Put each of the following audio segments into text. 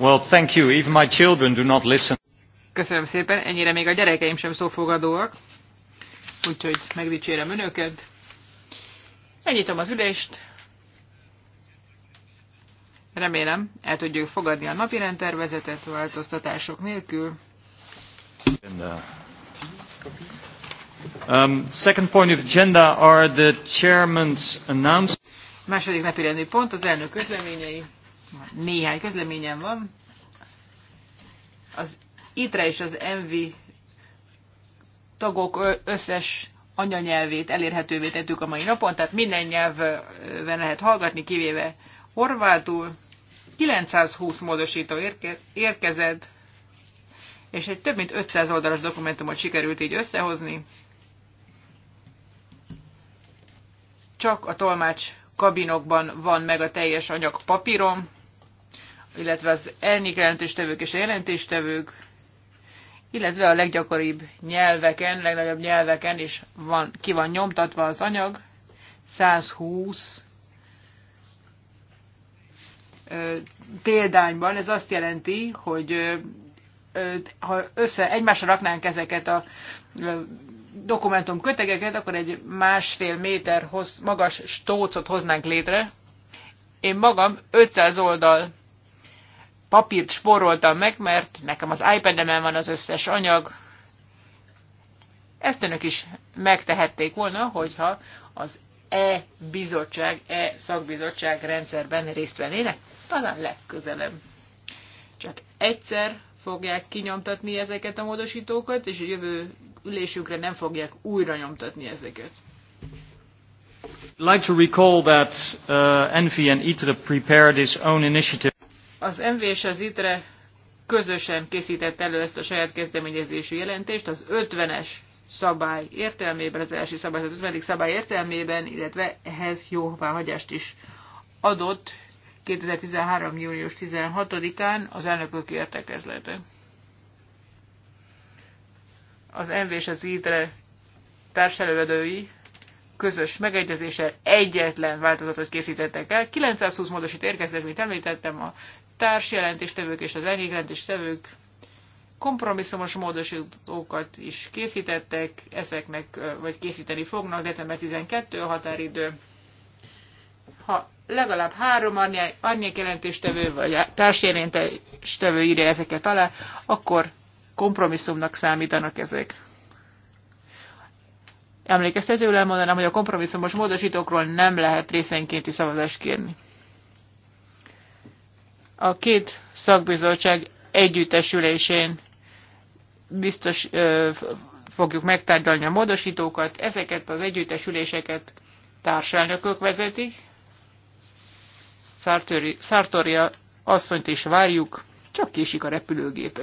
Well, thank you. Even my children do not listen. Köszönöm szépen, ennyire még a gyerekeim sem szófogadóak, úgyhogy megdicsérem önöket. Elnyitom az ülést. Remélem, el tudjuk fogadni a napi rendtervezetet változtatások nélkül. Uh, um, second point of agenda are the chairman's announcements. Második napi rendi pont az elnök közleményei néhány közleményem van. Az ITRE és az ENVI tagok összes anyanyelvét elérhetővé tettük a mai napon, tehát minden nyelven lehet hallgatni, kivéve horvátul. 920 módosító érkezett, és egy több mint 500 oldalas dokumentumot sikerült így összehozni. Csak a tolmács kabinokban van meg a teljes anyag papírom, illetve az elnék jelentéstevők és a jelentéstevők, illetve a leggyakoribb nyelveken, legnagyobb nyelveken is van, ki van nyomtatva az anyag, 120 példányban. Ez azt jelenti, hogy ha össze egymásra raknánk ezeket a dokumentum kötegeket, akkor egy másfél méter hossz, magas stócot hoznánk létre. Én magam 500 oldal papírt spóroltam meg, mert nekem az iPad-emen van az összes anyag. Ezt önök is megtehették volna, hogyha az e-bizottság, e-szakbizottság rendszerben részt vennének. Talán legközelebb. Csak egyszer fogják kinyomtatni ezeket a módosítókat, és a jövő ülésükre nem fogják újra nyomtatni ezeket. like to recall that uh, Envy and ITRE prepared its own initiative az MV és az ITRE közösen készített elő ezt a saját kezdeményezésű jelentést, az 50-es szabály értelmében, az első szabály, az 50. szabály értelmében, illetve ehhez jóváhagyást is adott 2013. június 16-án az elnökök értekezlete. Az MV és az ITRE társelővedői közös megegyezéssel egyetlen változatot készítettek el. 920 módosít érkezett, mint említettem, a társjelentéstevők és az elégjelentéstevők kompromisszumos módosítókat is készítettek, ezeknek, vagy készíteni fognak, december 12 a határidő. Ha legalább három árnyék jelentéstevő, vagy társjelentéstevő írja ezeket alá, akkor kompromisszumnak számítanak ezek. Emlékeztetőül elmondanám, hogy a kompromisszumos módosítókról nem lehet részenkénti szavazást kérni. A két szakbizottság együttesülésén biztos ö, fogjuk megtárgyalni a módosítókat. Ezeket az együttesüléseket társelnökök vezetik. Szartori, asszonyt is várjuk, csak késik a repülőgépe.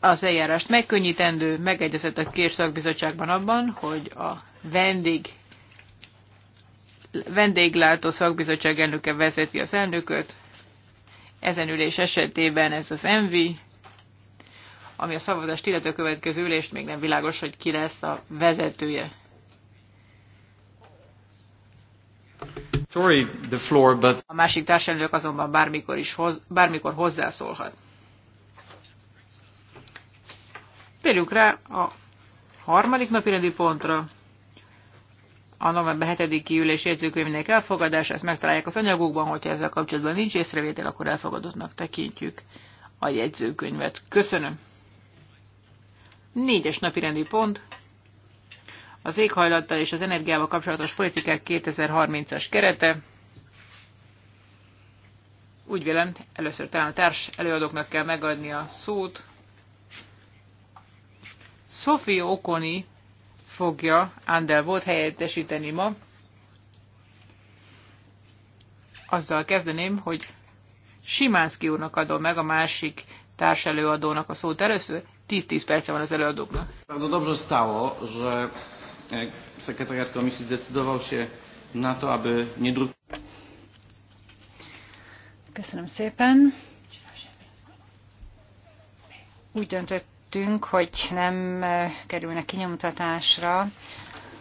Az eljárást megkönnyítendő, megegyezett a Kérszakbizottságban abban, hogy a vendég vendéglátó szakbizottság elnöke vezeti az elnököt. Ezen ülés esetében ez az ENVI, ami a szavazást illető következő ülést még nem világos, hogy ki lesz a vezetője. Sorry, the floor, but... A másik társelnök azonban bármikor, is hoz, bármikor hozzászólhat. Térjünk rá a harmadik napi rendi pontra, a november 7-i ülés jegyzőkönyvének elfogadása, ezt megtalálják az anyagokban, hogyha ezzel kapcsolatban nincs észrevétel, akkor elfogadottnak tekintjük a jegyzőkönyvet. Köszönöm! Négyes napi rendi pont. Az éghajlattal és az energiával kapcsolatos politikák 2030-as kerete. Úgy vélem, először talán a társ előadóknak kell megadni a szót. Sophie Okoni fogja Andel volt helyettesíteni ma. Azzal kezdeném, hogy Simánszki úrnak adom meg a másik társelőadónak a szót először. 10-10 perce van az előadóknak. Bardzo dobrze stało, że e, sekretariat komisji zdecydował się na to, aby nie Köszönöm szépen. Úgy döntött döntöttünk, hogy nem e, kerülnek kinyomtatásra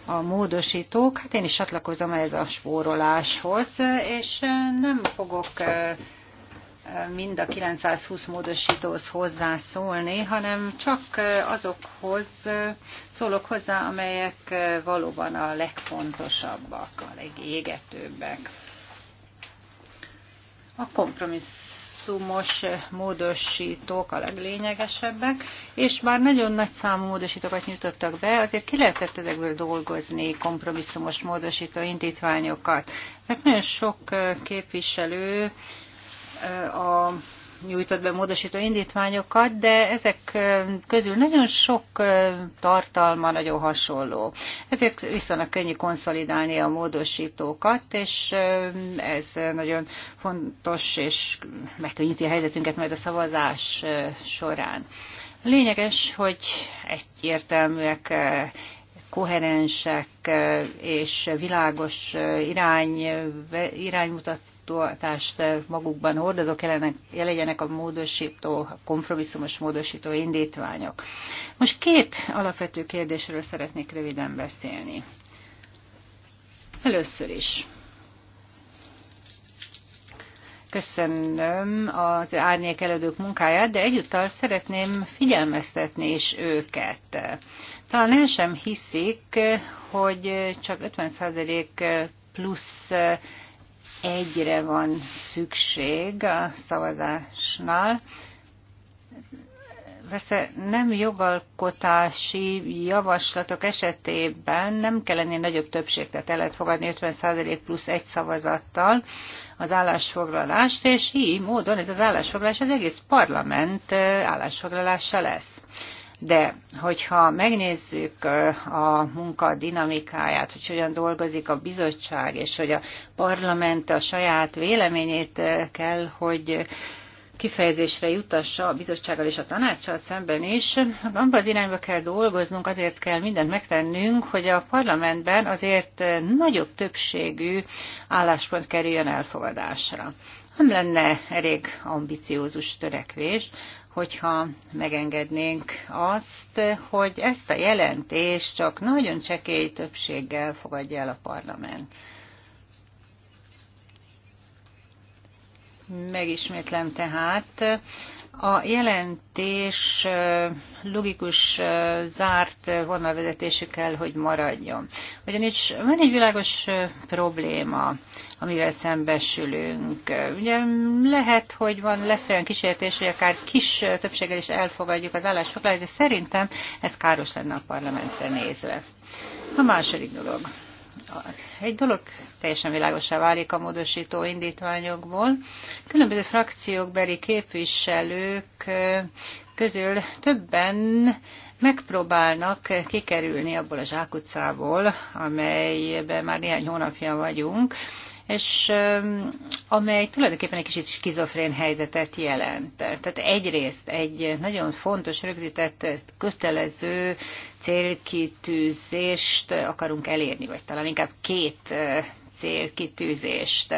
a módosítók. Hát én is csatlakozom ez a spóroláshoz, és e, nem fogok e, mind a 920 módosítóhoz hozzászólni, hanem csak azokhoz szólok hozzá, amelyek valóban a legfontosabbak, a legégetőbbek. A kompromissz kompromisszumos módosítók a leglényegesebbek, és már nagyon nagy számú módosítókat nyújtottak be, azért ki lehetett ezekből dolgozni kompromisszumos módosító indítványokat. Mert nagyon sok képviselő a nyújtott be módosító indítványokat, de ezek közül nagyon sok tartalma nagyon hasonló. Ezért viszonylag könnyű konszolidálni a módosítókat, és ez nagyon fontos, és megkönnyíti a helyzetünket majd a szavazás során. Lényeges, hogy egyértelműek koherensek és világos irány, iránymutat módosítást magukban hordozók jelenjenek a módosító, a kompromisszumos módosító indítványok. Most két alapvető kérdésről szeretnék röviden beszélni. Először is köszönöm az árnyék elődők munkáját, de egyúttal szeretném figyelmeztetni is őket. Talán el sem hiszik, hogy csak 50% plusz egyre van szükség a szavazásnál. Persze nem jogalkotási javaslatok esetében nem kell ennél nagyobb többség, tehát el lehet fogadni 50% plusz egy szavazattal az állásfoglalást, és így módon ez az állásfoglalás az egész parlament eh, állásfoglalása lesz. De hogyha megnézzük a munka dinamikáját, hogy hogyan dolgozik a bizottság, és hogy a parlament a saját véleményét kell, hogy kifejezésre jutassa a bizottsággal és a tanácssal szemben is, abban az irányba kell dolgoznunk, azért kell mindent megtennünk, hogy a parlamentben azért nagyobb többségű álláspont kerüljön elfogadásra. Nem lenne elég ambiciózus törekvés, hogyha megengednénk azt, hogy ezt a jelentést csak nagyon csekély többséggel fogadja el a parlament. Megismétlem tehát, a jelentés logikus, zárt vonalvezetésű kell, hogy maradjon. Ugyanis van egy világos probléma, amivel szembesülünk. Ugye lehet, hogy van, lesz olyan kísértés, hogy akár kis többséggel is elfogadjuk az állásfoglalást, de szerintem ez káros lenne a parlamentre nézve. A második dolog. Egy dolog teljesen világosá válik a módosító indítványokból. Különböző frakciókbeli képviselők közül többen megpróbálnak kikerülni abból a zsákutcából, amelyben már néhány hónapja vagyunk, és amely tulajdonképpen egy kicsit skizofrén helyzetet jelent. Tehát egyrészt egy nagyon fontos, rögzített, kötelező célkitűzést akarunk elérni, vagy talán inkább két célkitűzést.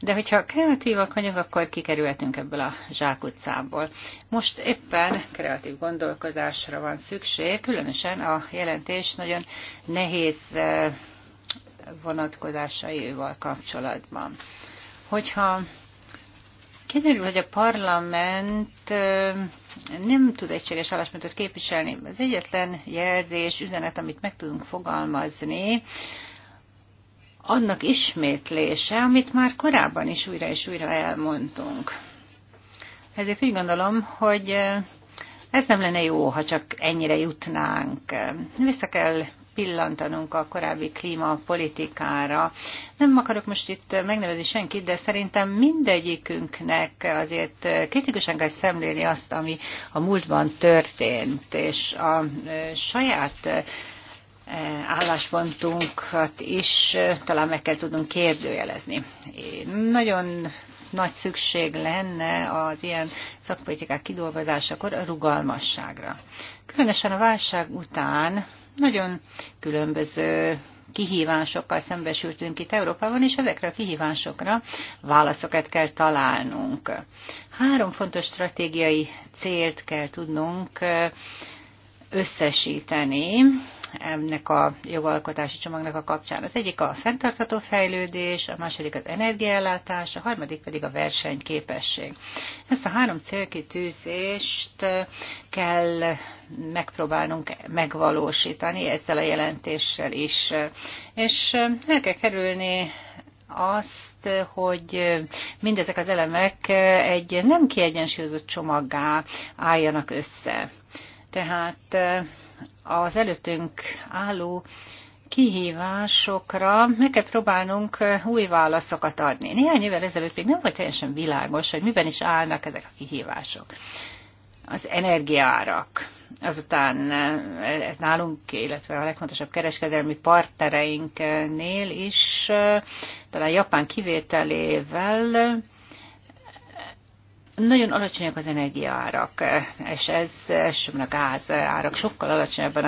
De hogyha kreatívak vagyunk, akkor kikerülhetünk ebből a zsákutcából. Most éppen kreatív gondolkozásra van szükség, különösen a jelentés nagyon nehéz vonatkozásaival kapcsolatban. Hogyha kiderül, hogy a parlament nem tud egységes álláspontot képviselni, az egyetlen jelzés, üzenet, amit meg tudunk fogalmazni, annak ismétlése, amit már korábban is újra és újra elmondtunk. Ezért úgy gondolom, hogy ez nem lenne jó, ha csak ennyire jutnánk. Vissza kell pillantanunk a korábbi klímapolitikára. Nem akarok most itt megnevezni senkit, de szerintem mindegyikünknek azért kritikusan kell szemlélni azt, ami a múltban történt, és a saját álláspontunkat is talán meg kell tudnunk kérdőjelezni. Nagyon nagy szükség lenne az ilyen szakpolitikák kidolgozásakor a rugalmasságra. Különösen a válság után nagyon különböző kihívásokkal szembesültünk itt Európában, és ezekre a kihívásokra válaszokat kell találnunk. Három fontos stratégiai célt kell tudnunk összesíteni, ennek a jogalkotási csomagnak a kapcsán. Az egyik a fenntartható fejlődés, a második az energiaellátás, a harmadik pedig a versenyképesség. Ezt a három célkitűzést kell megpróbálnunk megvalósítani ezzel a jelentéssel is. És el kell kerülni azt, hogy mindezek az elemek egy nem kiegyensúlyozott csomaggá álljanak össze. Tehát az előttünk álló kihívásokra meg kell próbálnunk uh, új válaszokat adni. Néhány évvel ezelőtt még nem volt teljesen világos, hogy miben is állnak ezek a kihívások. Az energiárak, azután uh, ez nálunk, illetve a legfontosabb kereskedelmi partnereinknél is, uh, talán Japán kivételével nagyon alacsonyak az energiaárak, és ez elsősorban a gáz árak sokkal alacsonyabban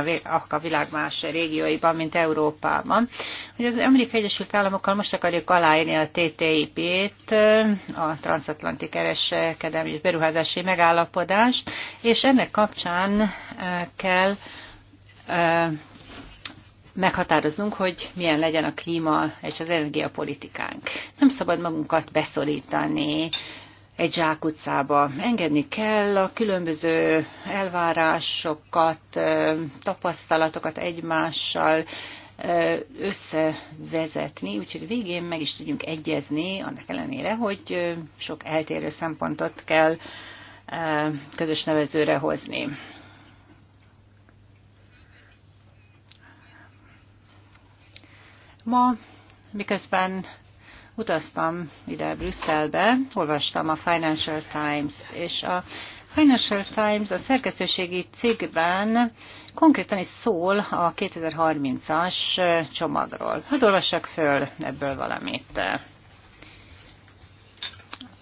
a világ más régióiban, mint Európában. Hogy az Amerikai Egyesült Államokkal most akarjuk aláírni a TTIP-t, a Transatlanti Kereskedelmi és Beruházási Megállapodást, és ennek kapcsán e, kell e, meghatároznunk, hogy milyen legyen a klíma és az energiapolitikánk. Nem szabad magunkat beszorítani egy zsákutcába. Engedni kell a különböző elvárásokat, tapasztalatokat egymással összevezetni, úgyhogy végén meg is tudjunk egyezni, annak ellenére, hogy sok eltérő szempontot kell közös nevezőre hozni. Ma miközben utaztam ide Brüsszelbe, olvastam a Financial Times, és a Financial Times a szerkesztőségi cikkben konkrétan is szól a 2030-as csomagról. Hadd olvassak föl ebből valamit.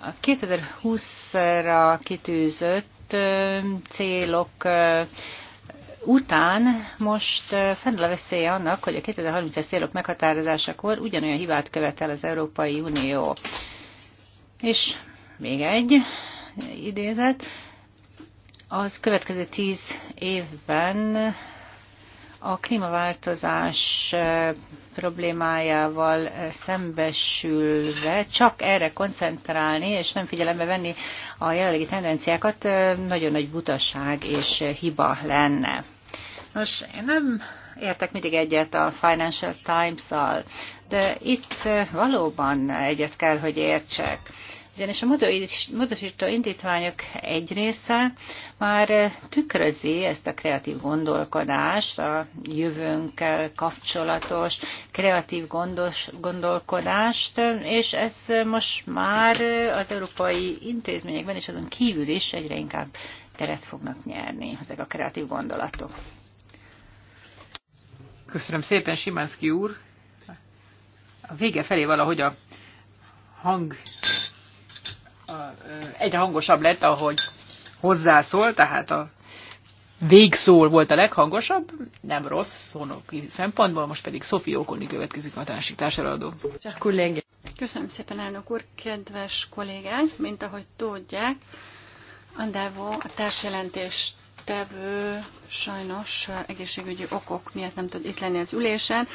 A 2020-ra kitűzött célok után most fennáll a veszélye annak, hogy a 2030 es célok meghatározásakor ugyanolyan hibát követel az Európai Unió. És még egy idézet. Az következő tíz évben a klímaváltozás eh, problémájával eh, szembesülve csak erre koncentrálni, és nem figyelembe venni a jelenlegi tendenciákat, eh, nagyon nagy butaság és hiba lenne. Nos, én nem értek mindig egyet a Financial Times-al, de itt valóban egyet kell, hogy értsek ugyanis a módosító indítványok egy része már tükrözi ezt a kreatív gondolkodást, a jövőnkkel kapcsolatos kreatív gondos, gondolkodást, és ez most már az európai intézményekben és azon kívül is egyre inkább teret fognak nyerni ezek a kreatív gondolatok. Köszönöm szépen, Simánszki úr. A vége felé valahogy a hang egyre hangosabb lett, ahogy hozzászól, tehát a végszól volt a leghangosabb, nem rossz szónoki szempontból, most pedig Szofi Okoni következik a másik társadalmadó. Köszönöm szépen, elnök úr, kedves kollégák, mint ahogy tudják, Andávó a társjelentést résztvevő sajnos egészségügyi okok miatt nem tud itt lenni az ülésen,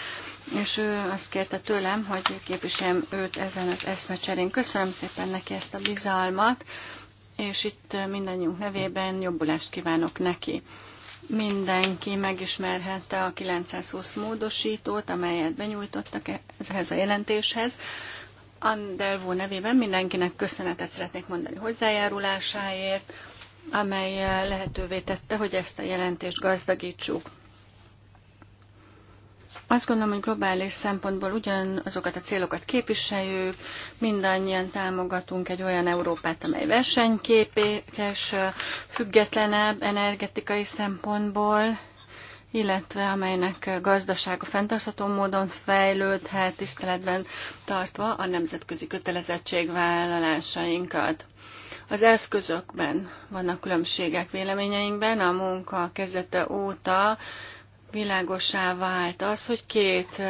és ő azt kérte tőlem, hogy képviseljem őt ezen az eszmecserén. Köszönöm szépen neki ezt a bizalmat, és itt mindannyiunk nevében jobbulást kívánok neki. Mindenki megismerhette a 920 módosítót, amelyet benyújtottak ehhez a jelentéshez. Andelvó nevében mindenkinek köszönetet szeretnék mondani hozzájárulásáért, amely eh, lehetővé tette, hogy ezt a jelentést gazdagítsuk. Azt gondolom, hogy globális szempontból ugyanazokat a célokat képviseljük, mindannyian támogatunk egy olyan Európát, amely versenyképes, függetlenebb energetikai szempontból, illetve amelynek gazdasága fenntartható módon fejlődhet, tiszteletben tartva a nemzetközi kötelezettségvállalásainkat. Az eszközökben vannak különbségek véleményeinkben. A munka kezdete óta világosá vált az, hogy két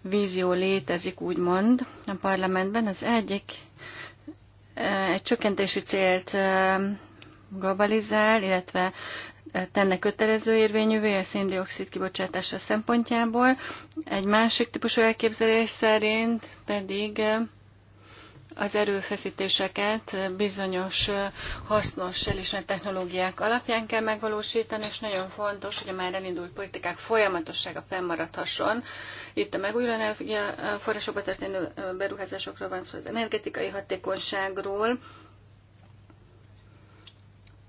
vízió létezik, úgymond a parlamentben. Az egyik egy csökkentési célt globalizál, illetve tenne kötelező érvényűvé a széndiokszid kibocsátása szempontjából. Egy másik típusú elképzelés szerint pedig az erőfeszítéseket bizonyos hasznos elismert technológiák alapján kell megvalósítani, és nagyon fontos, hogy a már elindult politikák folyamatossága fennmaradhasson. Itt a megújuló energiaforrásokba történő beruházásokról van szó, az energetikai hatékonyságról,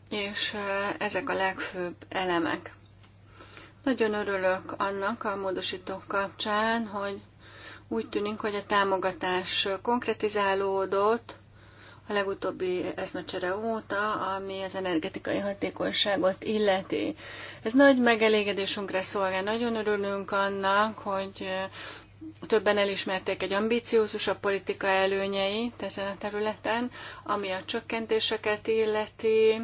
és ezek a legfőbb elemek. Nagyon örülök annak a módosítók kapcsán, hogy úgy tűnik, hogy a támogatás konkretizálódott a legutóbbi eszmecsere óta, ami az energetikai hatékonyságot illeti. Ez nagy megelégedésünkre szolgál. Nagyon örülünk annak, hogy Többen elismerték egy ambiciózusabb politika előnyeit ezen a területen, ami a csökkentéseket illeti,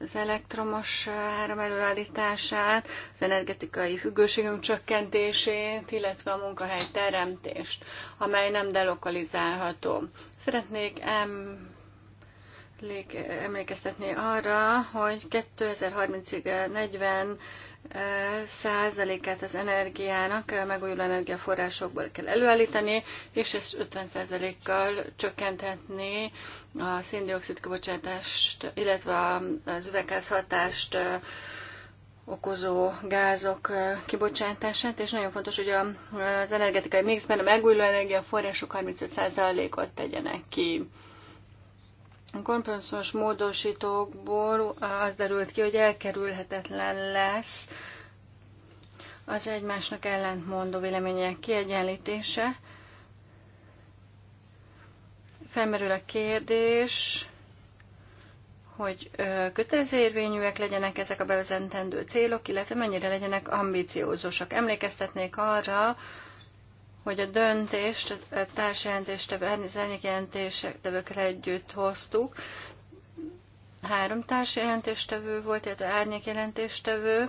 az elektromos áram előállítását, az energetikai függőségünk csökkentését, illetve a munkahely teremtést, amely nem delokalizálható. Szeretnék em emlékeztetni arra, hogy 2030-ig 40 eh, százalékát az energiának eh, megújuló energiaforrásokból kell előállítani, és ezt 50 százalékkal csökkenthetni a széndiokszid kibocsátást, illetve az üvegházhatást eh, okozó gázok kibocsátását, és nagyon fontos, hogy az energetikai mixben a megújuló energiaforrások 35 százalékot tegyenek ki. A kompromisszumos módosítókból az derült ki, hogy elkerülhetetlen lesz az egymásnak ellentmondó vélemények kiegyenlítése. Felmerül a kérdés, hogy kötelező érvényűek legyenek ezek a bevezetendő célok, illetve mennyire legyenek ambiciózusak. Emlékeztetnék arra, hogy a döntést a társjelentéstevő, jelentéstevőkkel együtt hoztuk. Három társjelentéstevő volt, illetve árnyékjelentéstevő,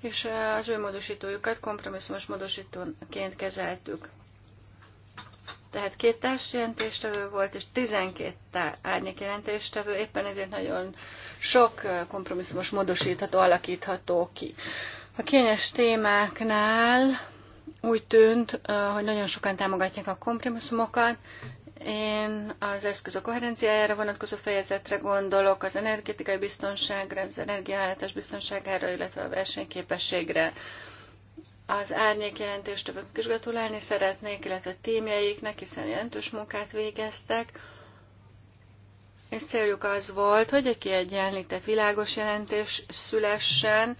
és az ő módosítójukat kompromisszumos módosítóként kezeltük. Tehát két társjelentéstevő volt, és 12 árnyékjelentéstevő, éppen ezért nagyon sok kompromisszumos módosítható alakítható ki. A kényes témáknál úgy tűnt, hogy nagyon sokan támogatják a komprimuszumokat. Én az eszközök koherenciájára vonatkozó fejezetre gondolok, az energetikai biztonságra, az energiállátás biztonságára, illetve a versenyképességre. Az árnyék többek is gratulálni szeretnék, illetve a témjeiknek, hiszen jelentős munkát végeztek. És céljuk az volt, hogy egy kiegyenlített világos jelentés szülessen,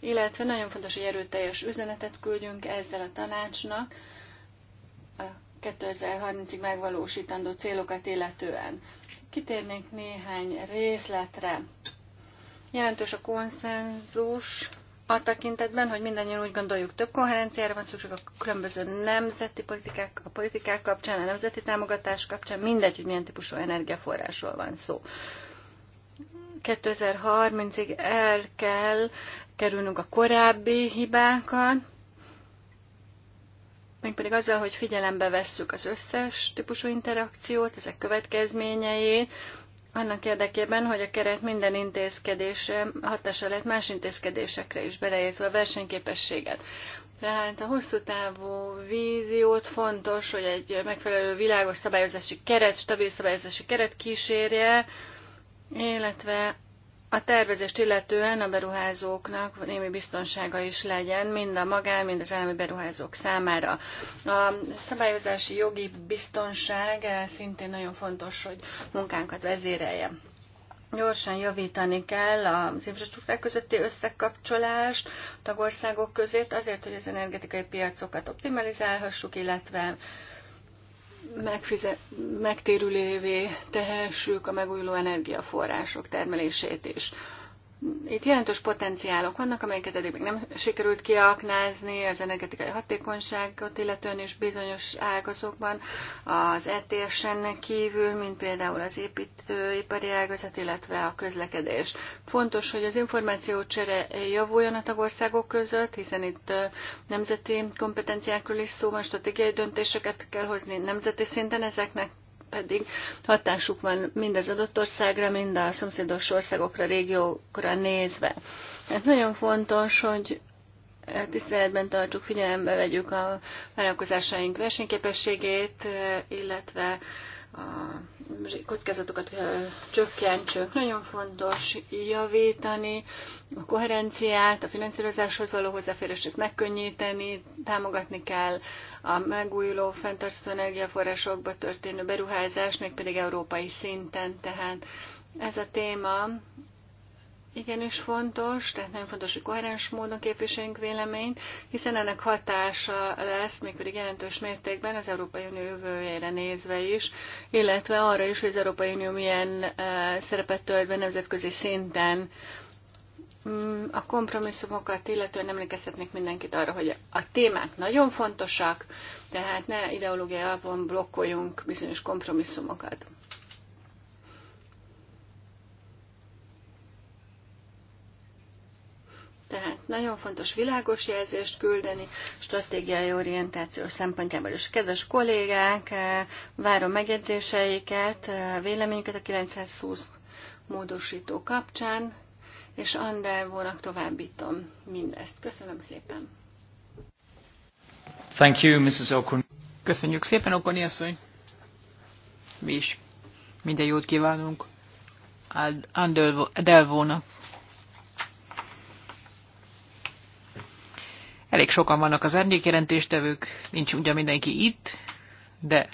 illetve nagyon fontos, hogy erőteljes üzenetet küldjünk ezzel a tanácsnak a 2030-ig megvalósítandó célokat illetően. Kitérnénk néhány részletre. Jelentős a konszenzus a tekintetben, hogy mindannyian úgy gondoljuk, több koherenciára van szükség a különböző nemzeti politikák, a politikák kapcsán, a nemzeti támogatás kapcsán, mindegy, hogy milyen típusú energiaforrásról van szó. 2030-ig el kell kerülnünk a korábbi hibákat, mégpedig azzal, hogy figyelembe vesszük az összes típusú interakciót, ezek következményeit, annak érdekében, hogy a keret minden intézkedése hatása lehet más intézkedésekre is, beleértve a versenyképességet. Tehát a hosszú távú víziót fontos, hogy egy megfelelő világos szabályozási keret, stabil szabályozási keret kísérje, illetve a tervezést illetően a beruházóknak némi biztonsága is legyen, mind a magán, mind az állami beruházók számára. A szabályozási jogi biztonság eh, szintén nagyon fontos, hogy munkánkat vezérelje. Gyorsan javítani kell az infrastruktúrák közötti összekapcsolást tagországok között, azért, hogy az energetikai piacokat optimalizálhassuk, illetve megfize- megtérülévé tehessük a megújuló energiaforrások termelését is. Itt jelentős potenciálok vannak, amelyeket eddig még nem sikerült kiaknázni, az energetikai hatékonyságot illetően is bizonyos ágazokban, az ETS-en kívül, mint például az építőipari ágazat, illetve a közlekedés. Fontos, hogy az információcsere javuljon a tagországok között, hiszen itt nemzeti kompetenciákról is szó van, stratégiai döntéseket kell hozni nemzeti szinten, ezeknek pedig hatásuk van mind az adott országra, mind a szomszédos országokra, régiókra nézve. Hát nagyon fontos, hogy tiszteletben tartsuk, figyelembe vegyük a vállalkozásaink versenyképességét, illetve a kockázatokat csökkentsük. Nagyon fontos javítani a koherenciát, a finanszírozáshoz való hozzáférést, ezt megkönnyíteni, támogatni kell a megújuló fenntartható energiaforrásokba történő beruházást, pedig európai szinten. Tehát ez a téma igenis fontos, tehát nagyon fontos, hogy koherens módon képviseljünk véleményt, hiszen ennek hatása lesz mégpedig jelentős mértékben az Európai Unió jövőjére nézve is, illetve arra is, hogy az Európai Unió milyen eh, szerepet tölt be nemzetközi szinten. Mm, a kompromisszumokat illetően emlékeztetnék mindenkit arra, hogy a témák nagyon fontosak, tehát ne ideológiai alapon blokkoljunk bizonyos kompromisszumokat. Tehát nagyon fontos világos jelzést küldeni, stratégiai orientációs szempontjából is. Kedves kollégák, eh, várom megjegyzéseiket, eh, véleményüket a 920 módosító kapcsán, és Andervónak továbbítom mindezt. Köszönöm szépen. Thank you, Mrs. Okun. Köszönjük szépen, Okoni asszony. Mi is minden jót kívánunk Adelvónak. Elég sokan vannak az árnyékjelentéstevők, nincs ugye mindenki itt, de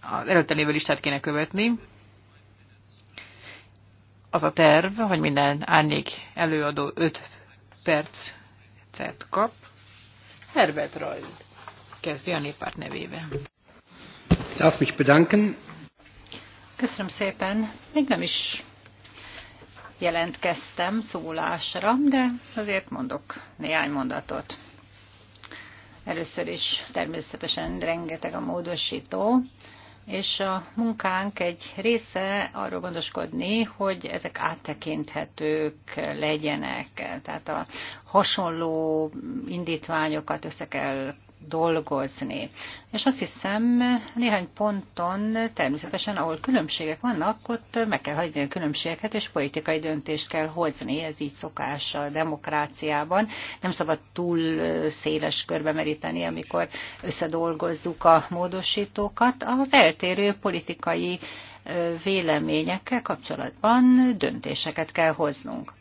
az előtte lévő listát kéne követni. Az a terv, hogy minden árnyék előadó 5 percet kap. Herbert Rajl kezdi a néppárt nevébe. Darf mich bedanken. Köszönöm szépen. Még nem is jelentkeztem szólásra, de azért mondok néhány mondatot. Először is természetesen rengeteg a módosító, és a munkánk egy része arról gondoskodni, hogy ezek áttekinthetők legyenek, tehát a hasonló indítványokat össze kell dolgozni. És azt hiszem, néhány ponton természetesen, ahol különbségek vannak, ott meg kell hagyni a különbségeket, és politikai döntést kell hozni, ez így szokás a demokráciában. Nem szabad túl széles körbe meríteni, amikor összedolgozzuk a módosítókat. Az eltérő politikai véleményekkel kapcsolatban döntéseket kell hoznunk.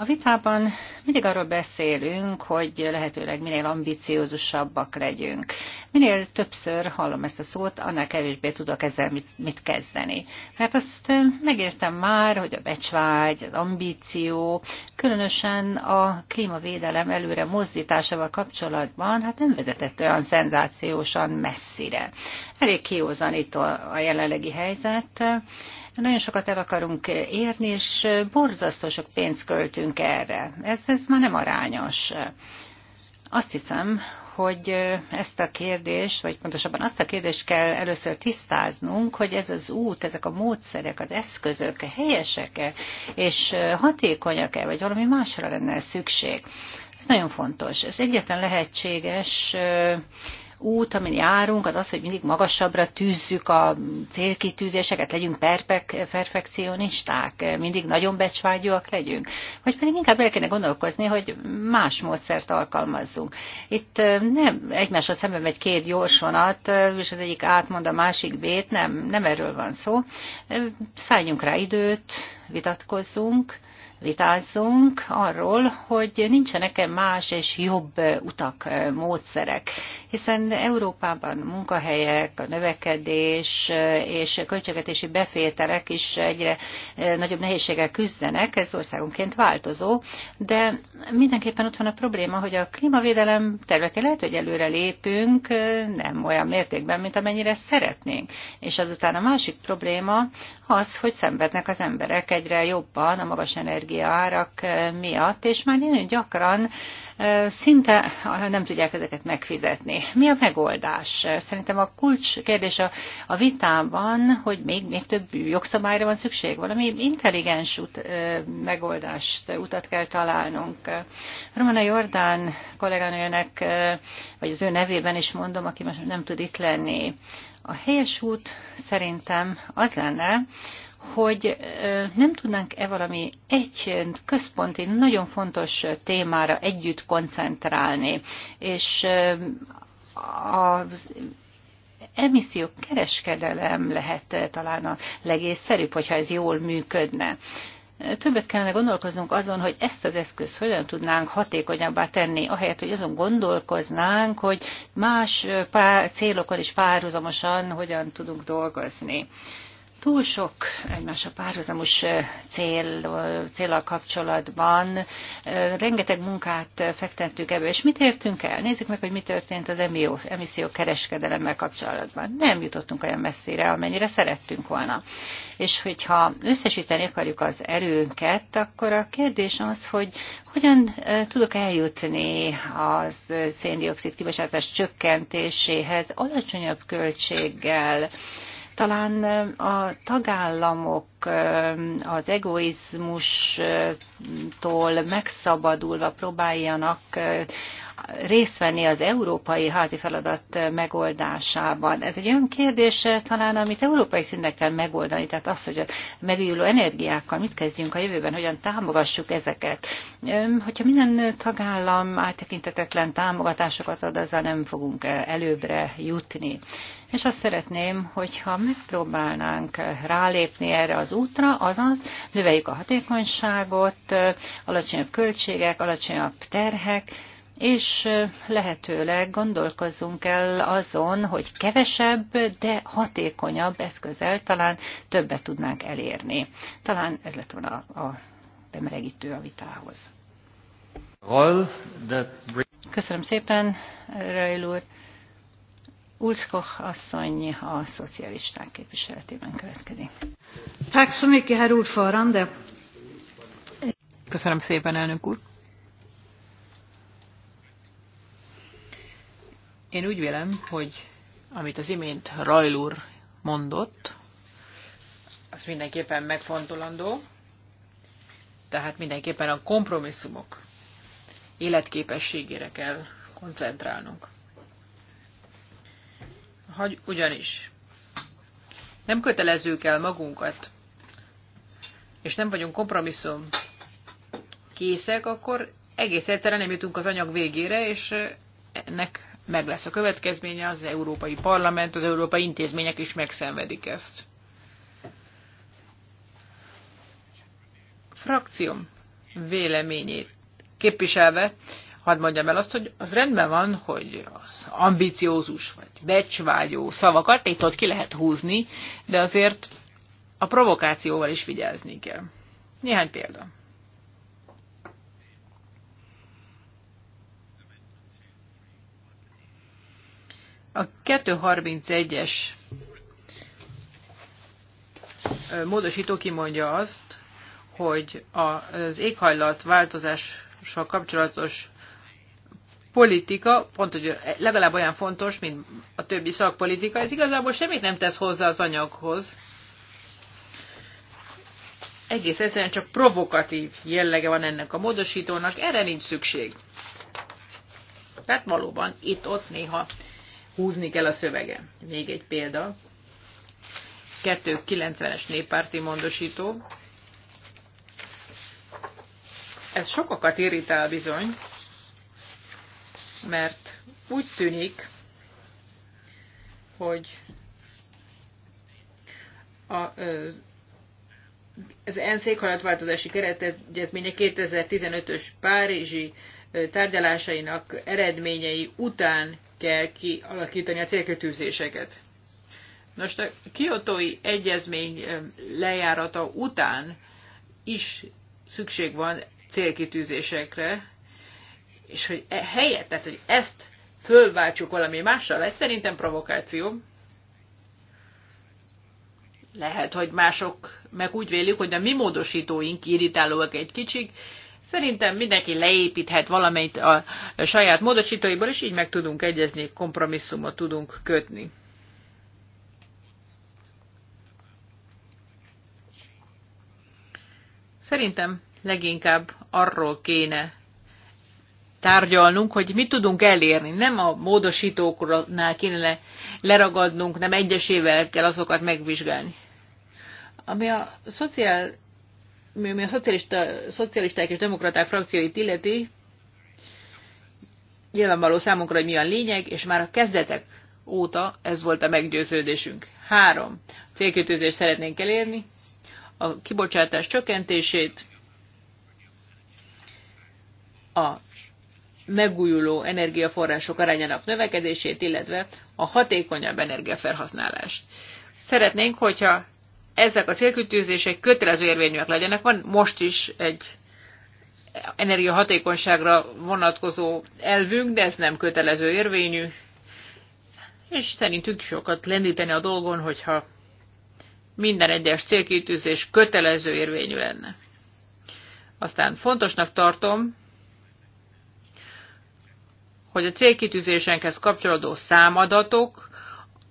A vitában mindig arról beszélünk, hogy lehetőleg minél ambiciózusabbak legyünk. Minél többször hallom ezt a szót, annál kevésbé tudok ezzel mit, mit kezdeni. Hát azt megértem már, hogy a becsvágy, az ambíció, különösen a klímavédelem előre mozdításával kapcsolatban, hát nem vezetett olyan szenzációsan messzire. Elég kiózan a, a jelenlegi helyzet nagyon sokat el akarunk érni, és borzasztó sok pénzt költünk erre. Ez, ez már nem arányos. Azt hiszem, hogy ezt a kérdést, vagy pontosabban azt a kérdést kell először tisztáznunk, hogy ez az út, ezek a módszerek, az eszközök helyesek-e, és hatékonyak-e, vagy valami másra lenne szükség. Ez nagyon fontos. Ez egyetlen lehetséges út, amin járunk, az az, hogy mindig magasabbra tűzzük a célkitűzéseket, legyünk perpek, perfekcionisták, mindig nagyon becsvágyúak legyünk. Vagy pedig inkább el kéne gondolkozni, hogy más módszert alkalmazzunk. Itt nem egymásra szemben megy két vonat, és az egyik átmond a másik bét, nem, nem erről van szó. Szálljunk rá időt, vitatkozzunk, vitázzunk arról, hogy nincsenek-e más és jobb utak, módszerek, hiszen Európában munkahelyek, a növekedés és költségvetési befételek is egyre e, nagyobb nehézséggel küzdenek, ez országonként változó, de mindenképpen ott van a probléma, hogy a klímavédelem területén lehet, hogy előre lépünk, e, nem olyan mértékben, mint amennyire szeretnénk. És azután a másik probléma az, hogy szenvednek az emberek egyre jobban a magas energi energiaárak eh, miatt, és már nagyon gyakran eh, szinte ah, nem tudják ezeket megfizetni. Mi a megoldás? Szerintem a kulcs kérdés a, a vitában, hogy még, még több jogszabályra van szükség. Valami intelligens ut, eh, megoldást, utat kell találnunk. Romana Jordán kolléganőjének, vagy az ő nevében is mondom, aki most nem tud itt lenni. A helyes út szerintem az lenne, hogy nem tudnánk-e valami egy központi, nagyon fontos témára együtt koncentrálni, és az emissziók kereskedelem lehet talán a legészszerűbb, hogyha ez jól működne. Többet kellene gondolkoznunk azon, hogy ezt az eszközt hogyan tudnánk hatékonyabbá tenni, ahelyett, hogy azon gondolkoznánk, hogy más pár, célokon is párhuzamosan hogyan tudunk dolgozni túl sok egymásra párhuzamos eh, cél, célal kapcsolatban. Eh, rengeteg munkát eh, fektettük ebbe, és mit értünk el? Nézzük meg, hogy mi történt az emió, emisszió kereskedelemmel kapcsolatban. Nem jutottunk olyan messzire, amennyire szerettünk volna. És hogyha összesíteni akarjuk az erőnket, akkor a kérdés az, hogy hogyan tudok eljutni az széndiokszid kibocsátás csökkentéséhez alacsonyabb költséggel, talán a tagállamok az egoizmustól megszabadulva próbáljanak részt venni az európai házi feladat megoldásában. Ez egy olyan kérdés talán, amit európai szinten kell megoldani, tehát az, hogy a megújuló energiákkal mit kezdjünk a jövőben, hogyan támogassuk ezeket. Hogyha minden tagállam áttekintetetlen támogatásokat ad, azzal nem fogunk előbbre jutni és azt szeretném, hogyha megpróbálnánk rálépni erre az útra, azaz növeljük a hatékonyságot, alacsonyabb költségek, alacsonyabb terhek, és lehetőleg gondolkozzunk el azon, hogy kevesebb, de hatékonyabb eszközzel talán többet tudnánk elérni. Talán ez lett volna a, a bemelegítő a vitához. Köszönöm szépen, Rajl úr. Ulskoch asszony a szocialisták képviseletében következik. Tack så mycket, herr ordförande. Köszönöm szépen, elnök úr. Én úgy vélem, hogy amit az imént Rajl úr mondott, az mindenképpen megfontolandó, tehát mindenképpen a kompromisszumok életképességére kell koncentrálnunk hogy ugyanis nem kötelezzük el magunkat, és nem vagyunk kompromisszum készek, akkor egész egyszerűen nem jutunk az anyag végére, és ennek meg lesz a következménye, az Európai Parlament, az Európai Intézmények is megszenvedik ezt. Frakcióm véleményét képviselve hadd mondjam el azt, hogy az rendben van, hogy az ambiciózus vagy becsvágyó szavakat itt ott ki lehet húzni, de azért a provokációval is vigyázni kell. Néhány példa. A 231-es módosító kimondja azt, hogy az éghajlat változással kapcsolatos politika, pont, hogy legalább olyan fontos, mint a többi szakpolitika, ez igazából semmit nem tesz hozzá az anyaghoz. Egész egyszerűen csak provokatív jellege van ennek a módosítónak, erre nincs szükség. Tehát valóban itt-ott néha húzni kell a szövege. Még egy példa. 290-es néppárti módosító. Ez sokakat irritál bizony, mert úgy tűnik, hogy a, az ENSZ éghajlatváltozási keretegyezménye 2015-ös Párizsi tárgyalásainak eredményei után kell kialakítani a célkötőzéseket. Most a kiotói egyezmény lejárata után is szükség van célkitűzésekre, és hogy e helyet, tehát hogy ezt fölváltsuk valami mással, ez szerintem provokáció. Lehet, hogy mások meg úgy vélik, hogy a mi módosítóink irritálóak egy kicsik. Szerintem mindenki leépíthet valamelyik a saját módosítóiból, és így meg tudunk egyezni, kompromisszumot tudunk kötni. Szerintem leginkább arról kéne tárgyalnunk, hogy mit tudunk elérni. Nem a módosítóknál kéne leragadnunk, nem egyesével kell azokat megvizsgálni. Ami a, szociál, ami a szocialista, szocialisták és demokraták frakcióit illeti, nyilvánvaló számunkra, hogy mi a lényeg, és már a kezdetek óta ez volt a meggyőződésünk. Három célkötőzést szeretnénk elérni, a kibocsátás csökkentését, a megújuló energiaforrások arányának növekedését, illetve a hatékonyabb energiafelhasználást. Szeretnénk, hogyha ezek a célkütőzések kötelező érvényűek legyenek. Van most is egy energiahatékonyságra vonatkozó elvünk, de ez nem kötelező érvényű, és szerintünk sokat lendíteni a dolgon, hogyha minden egyes célkítőzés kötelező érvényű lenne. Aztán fontosnak tartom, hogy a célkitűzésenkhez kapcsolódó számadatok,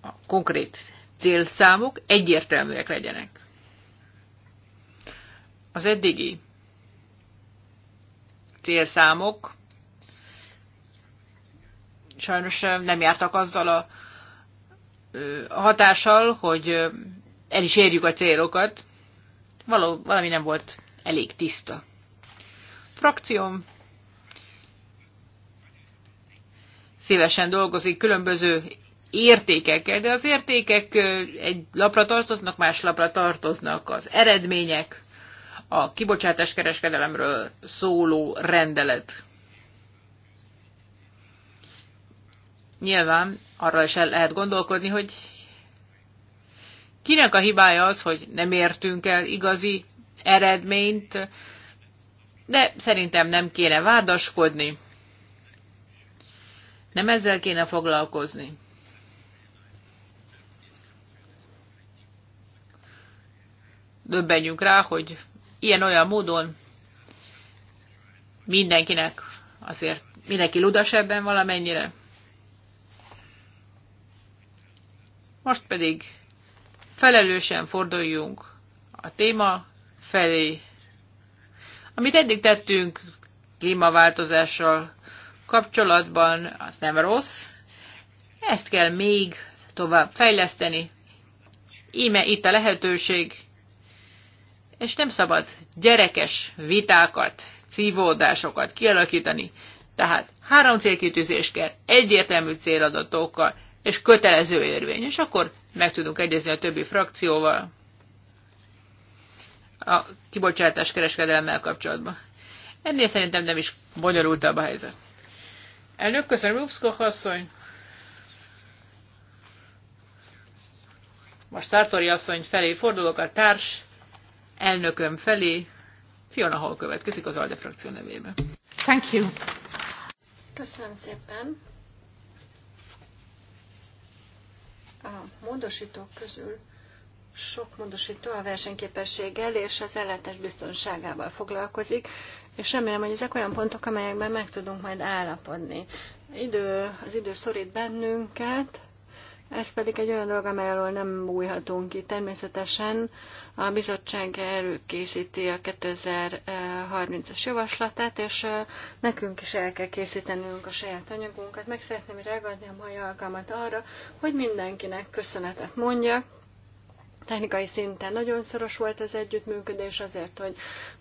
a konkrét célszámok egyértelműek legyenek. Az eddigi célszámok sajnos nem jártak azzal a hatással, hogy el is érjük a célokat. Való, valami nem volt elég tiszta. Frakcióm szívesen dolgozik különböző értékekkel, de az értékek egy lapra tartoznak, más lapra tartoznak az eredmények, a kibocsátás kereskedelemről szóló rendelet. Nyilván arra is el lehet gondolkodni, hogy kinek a hibája az, hogy nem értünk el igazi eredményt, de szerintem nem kéne vádaskodni. Nem ezzel kéne foglalkozni. Döbbenjünk rá, hogy ilyen-olyan módon mindenkinek azért mindenki ludas ebben valamennyire. Most pedig felelősen forduljunk a téma felé. Amit eddig tettünk klímaváltozással kapcsolatban, az nem rossz. Ezt kell még tovább fejleszteni. Íme itt a lehetőség, és nem szabad gyerekes vitákat, cívódásokat kialakítani. Tehát három célkitűzés kell, egyértelmű céladatokkal, és kötelező érvény, és akkor meg tudunk egyezni a többi frakcióval a kibocsátás kereskedelemmel kapcsolatban. Ennél szerintem nem is bonyolultabb a helyzet. Elnök, köszönöm, Upszkok asszony. Most Tartori asszony felé fordulok a társ elnököm felé. Fiona Hall következik az ALDE frakció nevében. Thank you. Köszönöm szépen. A módosítók közül sok módosító a versenyképességgel és az ellátás biztonságával foglalkozik, és remélem, hogy ezek olyan pontok, amelyekben meg tudunk majd állapodni. Idő, az idő szorít bennünket, ez pedig egy olyan dolog, amelyről nem bújhatunk ki. Természetesen a bizottság előkészíti a 2030-as javaslatát, és nekünk is el kell készítenünk a saját anyagunkat. Meg szeretném ragadni a mai alkalmat arra, hogy mindenkinek köszönetet mondjak, technikai szinten nagyon szoros volt az együttműködés azért, hogy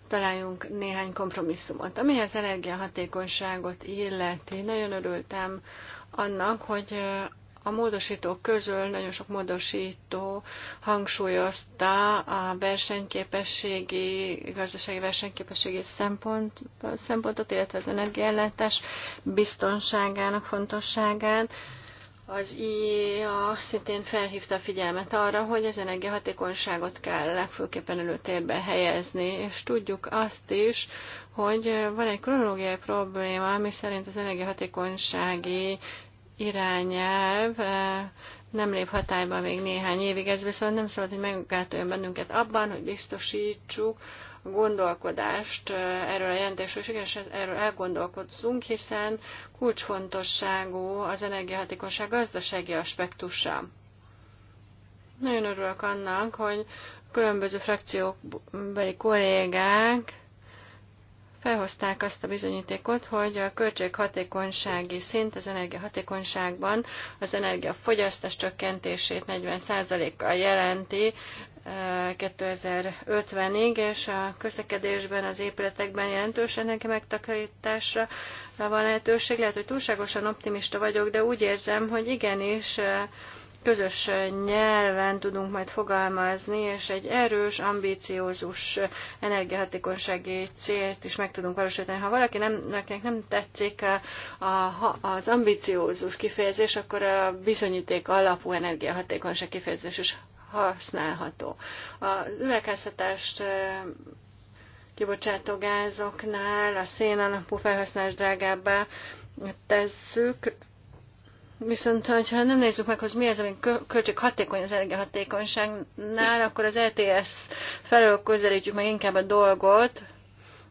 találjunk néhány kompromisszumot. Ami az energiahatékonyságot illeti, nagyon örültem annak, hogy a módosítók közül nagyon sok módosító hangsúlyozta a versenyképességi, gazdasági versenyképességi szempont, szempontot, illetve az energiállátás biztonságának fontosságát. Az IA szintén felhívta a figyelmet arra, hogy az energiahatékonyságot kell legfőképpen előtérbe helyezni, és tudjuk azt is, hogy van egy kronológiai probléma, ami szerint az energiahatékonysági irányelv eh, nem lép hatályba még néhány évig, ez viszont nem szabad, hogy meggátoljon bennünket abban, hogy biztosítsuk, gondolkodást eh, erről a jelentésről, és igenis erről elgondolkodzunk, hiszen kulcsfontosságú az energiahatékonyság gazdasági aspektusa. Nagyon örülök annak, hogy különböző frakciókbeli kollégák felhozták azt a bizonyítékot, hogy a költséghatékonysági szint az energiahatékonyságban az energiafogyasztás csökkentését 40%-kal jelenti 2050-ig, eh, és a közlekedésben, az épületekben jelentős energiamegtakarításra van lehetőség. Lehet, hogy túlságosan optimista vagyok, de úgy érzem, hogy igenis eh, közös nyelven tudunk majd fogalmazni, és egy erős, ambíciózus energiahatékonysági célt is meg tudunk valósítani. Ha valaki nem, nekinek nem tetszik a, a, az ambíciózus kifejezés, akkor a bizonyíték alapú energiahatékonyság kifejezés is használható. Az üvegházhatást kibocsátó gázoknál a szén alapú felhasználás drágábbá tesszük, Viszont, ha nem nézzük meg, hogy mi az, ami költséghatékony az energiahatékonyságnál, akkor az ETS felől közelítjük meg inkább a dolgot,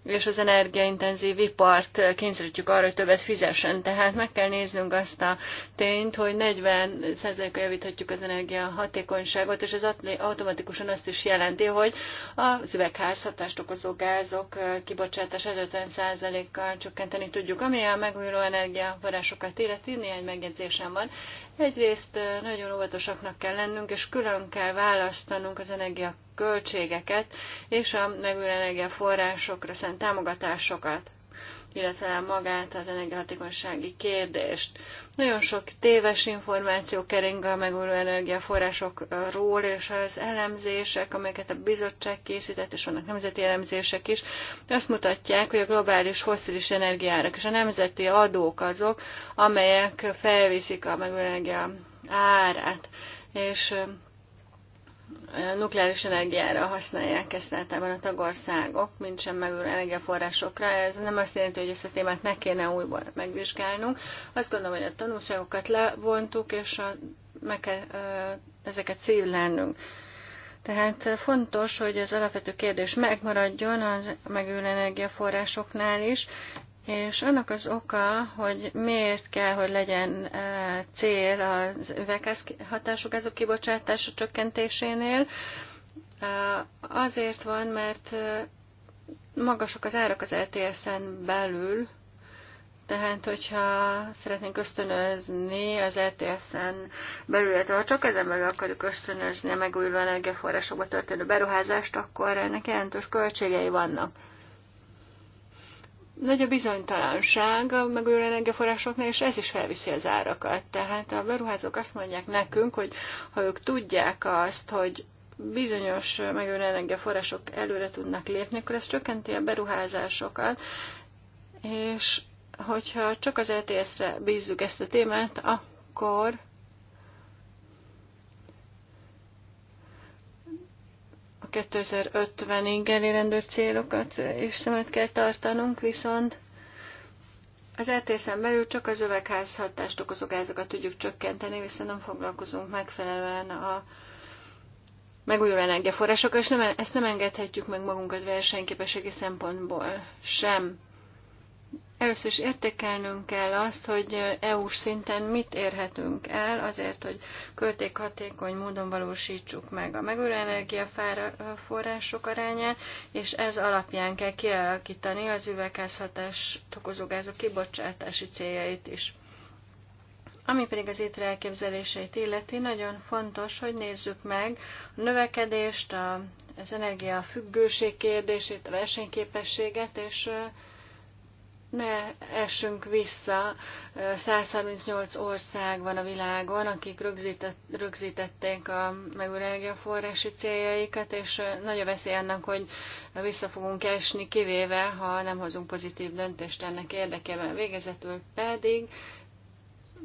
és az energiaintenzív ipart kényszerítjük arra, hogy többet fizessen. Tehát meg kell néznünk azt a tényt, hogy 40%-kal javíthatjuk az energia hatékonyságot, és ez automatikusan azt is jelenti, hogy az üvegházhatást okozó gázok kibocsátását 50%-kal csökkenteni tudjuk. Ami a megújuló energiaforrásokat illeti, néhány megjegyzésem van. Egyrészt nagyon óvatosaknak kell lennünk, és külön kell választanunk az energia költségeket és a megújuló energiaforrásokra szent támogatásokat illetve magát az energiahatékonysági kérdést. Nagyon sok téves információ kering a megújuló energiaforrásokról, és az elemzések, amelyeket a bizottság készített, és vannak nemzeti elemzések is, azt mutatják, hogy a globális hosszilis energiárak és a nemzeti adók azok, amelyek felviszik a megújuló energia árát. És nukleáris energiára használják ezt általában a tagországok, mint sem megújuló energiaforrásokra. Ez nem azt jelenti, hogy ezt a témát ne kéne újból megvizsgálnunk. Azt gondolom, hogy a tanulságokat levontuk, és a, meg kell ezeket szívlennünk. Tehát fontos, hogy az alapvető kérdés megmaradjon az megújuló energiaforrásoknál is, és annak az oka, hogy miért kell, hogy legyen e, cél az üvegházhatású gázok kibocsátása csökkentésénél, e, azért van, mert e, magasok az árak az ETS-en belül, tehát, hogyha szeretnénk ösztönözni az ETS-en belül, ha csak ezen belül akarjuk ösztönözni a megújuló energiaforrásokba történő beruházást, akkor ennek jelentős költségei vannak nagy a bizonytalanság a megújuló energiaforrásoknál, és ez is felviszi az árakat. Tehát a beruházók azt mondják nekünk, hogy ha ők tudják azt, hogy bizonyos megújuló energiaforrások előre tudnak lépni, akkor ez csökkenti a beruházásokat, és hogyha csak az ets re bízzuk ezt a témát, akkor 2050-ig elérendő célokat is szemet kell tartanunk, viszont az ETS-en belül csak az övegházhatást okozó gázokat tudjuk csökkenteni, viszont nem foglalkozunk megfelelően a megújuló energiaforrásokkal, és nem, e- ezt nem engedhetjük meg magunkat versenyképességi szempontból sem. Először is értékelnünk kell azt, hogy EU-s szinten mit érhetünk el azért, hogy költékhatékony módon valósítsuk meg a megújuló energiaforrások arányát, és ez alapján kell kialakítani az üvegházhatás tokozógázok kibocsátási céljait is. Ami pedig az étre elképzeléseit illeti, nagyon fontos, hogy nézzük meg a növekedést, a, az függőség kérdését, a versenyképességet, és ne essünk vissza. 138 ország van a világon, akik rögzített, rögzítették a megújuló forrási céljaikat, és nagy a veszély annak, hogy vissza fogunk esni, kivéve, ha nem hozunk pozitív döntést ennek érdekében. Végezetül pedig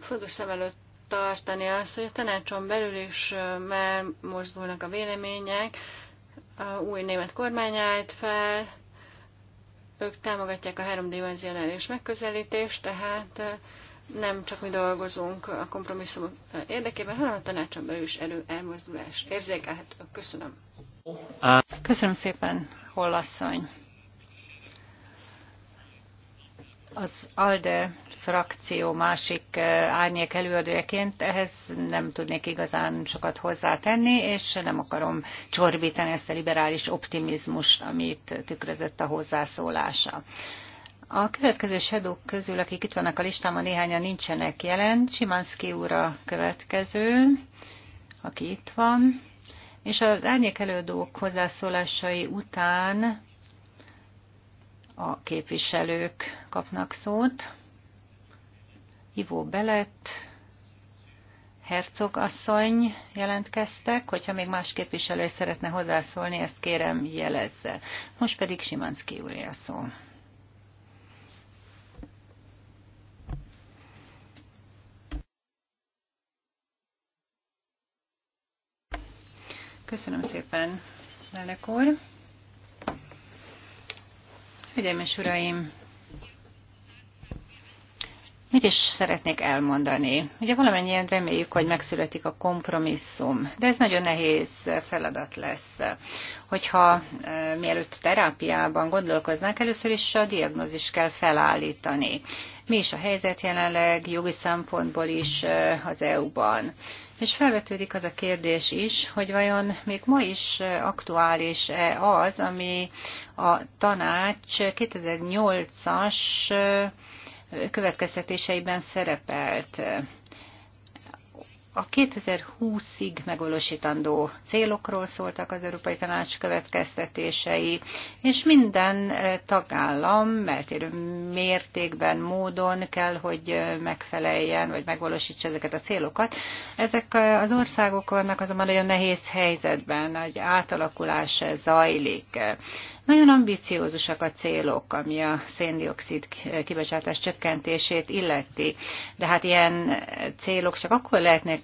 fontos szem előtt tartani azt, hogy a tanácson belül is már mozdulnak a vélemények, a új német kormány állt fel, ők támogatják a háromdimenzionális megközelítést, tehát eh, nem csak mi dolgozunk a kompromisszum érdekében, hanem a tanácson belül is elő elmozdulás érzékelhető. Köszönöm. Köszönöm szépen, Hollasszony. Az ALDE frakció másik árnyék előadójaként ehhez nem tudnék igazán sokat hozzátenni, és nem akarom csorbítani ezt a liberális optimizmust, amit tükrözött a hozzászólása. A következő sedók közül, akik itt vannak a listámon, néhányan nincsenek jelen. Csimanszki úr a következő, aki itt van. És az árnyék előadók hozzászólásai után a képviselők kapnak szót. Ivó Belet, Herzog jelentkeztek, hogyha még más képviselő szeretne hozzászólni, ezt kérem jelezze. Most pedig Simanszki úr a szó. Köszönöm szépen, elnök úr. Hölgyeim és uraim, Mit is szeretnék elmondani? Ugye valamennyien reméljük, hogy megszületik a kompromisszum, de ez nagyon nehéz feladat lesz. Hogyha e, mielőtt terápiában gondolkoznánk, először is a diagnózis kell felállítani. Mi is a helyzet jelenleg jogi szempontból is e, az EU-ban? És felvetődik az a kérdés is, hogy vajon még ma is e, aktuális-e az, ami a tanács 2008-as következtetéseiben szerepelt. A 2020-ig megvalósítandó célokról szóltak az Európai Tanács következtetései, és minden eh, tagállam eltérő mértékben, módon kell, hogy eh, megfeleljen, vagy megvalósítsa ezeket a célokat. Ezek eh, az országok vannak azonban nagyon nehéz helyzetben, nagy átalakulás zajlik. Nagyon ambiciózusak a célok, ami a széndiokszid kibocsátás csökkentését illeti, de hát ilyen célok csak akkor lehetnek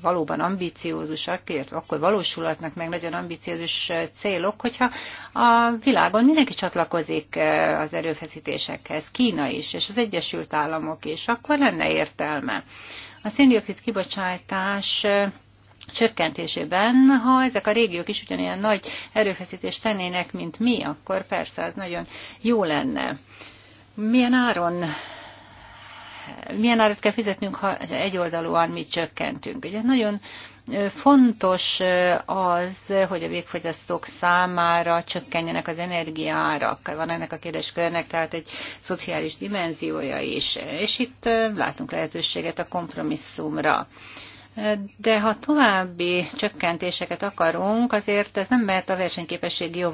valóban ambiciózusak, illetve akkor valósulhatnak meg nagyon ambiciózus célok, hogyha a világon mindenki csatlakozik eh, az erőfeszítésekhez, Kína is, és az Egyesült Államok is, akkor lenne értelme. A széndiokszid kibocsátás eh, csökkentésében. Ha ezek a régiók is ugyanilyen nagy erőfeszítést tennének, mint mi, akkor persze az nagyon jó lenne. Milyen áron milyen árat kell fizetnünk, ha egyoldalúan mi csökkentünk. Ugye nagyon fontos az, hogy a végfogyasztók számára csökkenjenek az energiaárak. Van ennek a kérdéskörnek, tehát egy szociális dimenziója is. És itt látunk lehetőséget a kompromisszumra de ha további csökkentéseket akarunk, azért ez nem mehet a versenyképesség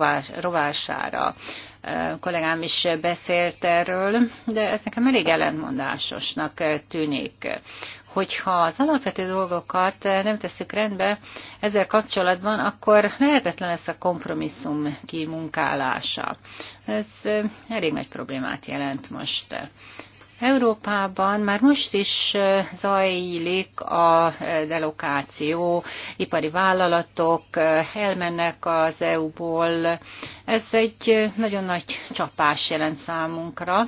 rovására. A kollégám is beszélt erről, de ez nekem elég ellentmondásosnak tűnik hogyha az alapvető dolgokat nem tesszük rendbe ezzel kapcsolatban, akkor lehetetlen lesz a kompromisszum kimunkálása. Ez elég nagy problémát jelent most. Európában már most is zajlik a delokáció, ipari vállalatok elmennek az EU-ból. Ez egy nagyon nagy csapás jelent számunkra.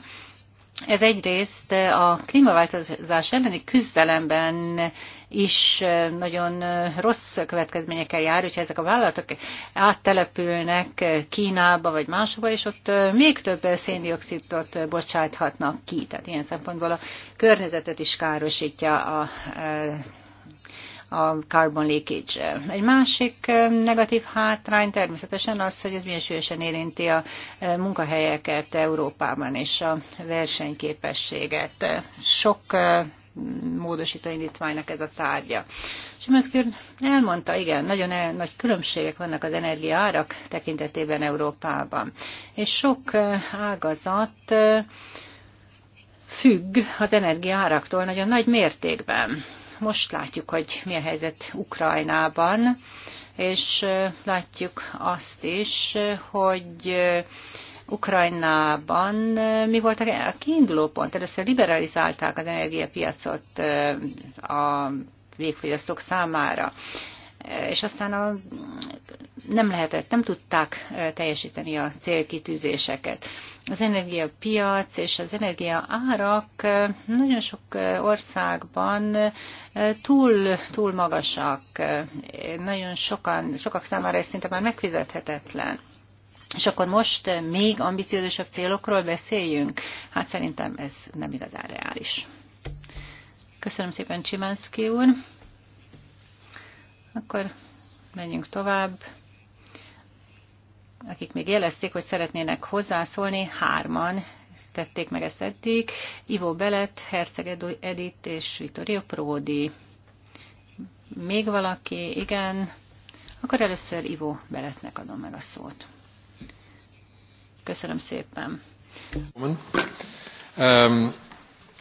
Ez egyrészt a klímaváltozás elleni küzdelemben is nagyon rossz következményekkel jár, hogyha ezek a vállalatok áttelepülnek Kínába vagy máshova, és ott még több széndiokszidot bocsáthatnak ki. Tehát ilyen szempontból a környezetet is károsítja a a carbon leakage. Egy másik negatív hátrány természetesen az, hogy ez milyen sűrűsen érinti a munkahelyeket Európában és a versenyképességet. Sok módosító indítványnak ez a tárgya. Simonszki elmondta, igen, nagyon el, nagy különbségek vannak az energiaárak tekintetében Európában. És sok ágazat függ az energiaáraktól nagyon nagy mértékben. Most látjuk, hogy mi a helyzet Ukrajnában, és látjuk azt is, hogy Ukrajnában eh, mi volt a kiinduló pont? Először liberalizálták az energiapiacot eh, a végfogyasztók számára, eh, és aztán a, nem lehetett, nem tudták teljesíteni a célkitűzéseket. Az energiapiac és az energia árak nagyon sok országban túl, túl magasak. Nagyon sokan, sokak számára ez szinte már megfizethetetlen és akkor most eh, még ambiciózusabb célokról beszéljünk? Hát szerintem ez nem igazán reális. Köszönöm szépen Csimánszki úr. Akkor menjünk tovább. Akik még jelezték, hogy szeretnének hozzászólni, hárman tették meg ezt eddig. Ivo Belet, Herceg Edit és Vittorio Pródi. Még valaki? Igen. Akkor először Ivo Beletnek adom meg a szót. Köszönöm szépen. Um,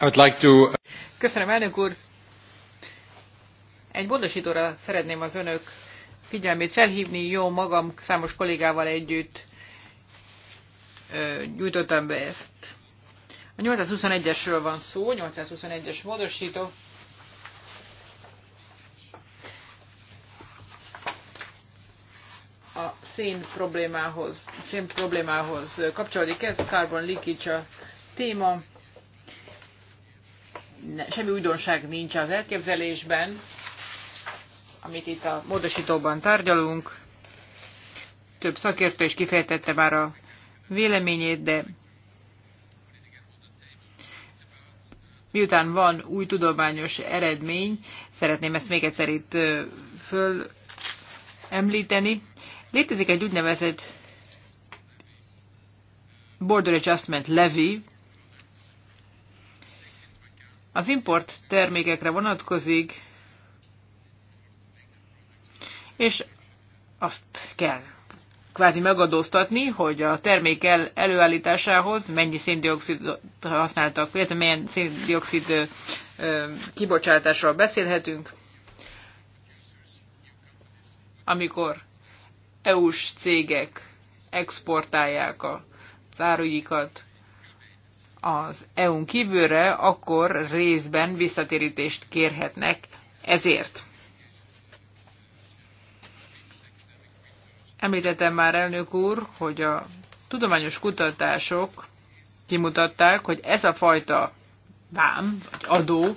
I would like to... Uh, Köszönöm, elnök úr. Egy módosítóra szeretném az önök figyelmét felhívni. Jó, magam számos kollégával együtt gyújtottam be ezt. A 821-esről van szó, 821-es módosító. szén problémához, szén problémához kapcsolódik ez, carbon leakage a téma. Ne, semmi újdonság nincs az elképzelésben, amit itt a módosítóban tárgyalunk. Több szakértő is kifejtette már a véleményét, de miután van új tudományos eredmény, szeretném ezt még egyszer itt föl említeni. Létezik egy úgynevezett Border Adjustment Levy, az import termékekre vonatkozik, és azt kell kvázi megadóztatni, hogy a termék el, előállításához mennyi széndiokszidot használtak, illetve milyen széndiokszid kibocsátásról beszélhetünk. Amikor EU-s cégek exportálják a áruikat az EU-n kívülre, akkor részben visszatérítést kérhetnek ezért. Említettem már, elnök úr, hogy a tudományos kutatások kimutatták, hogy ez a fajta vám, vagy adó,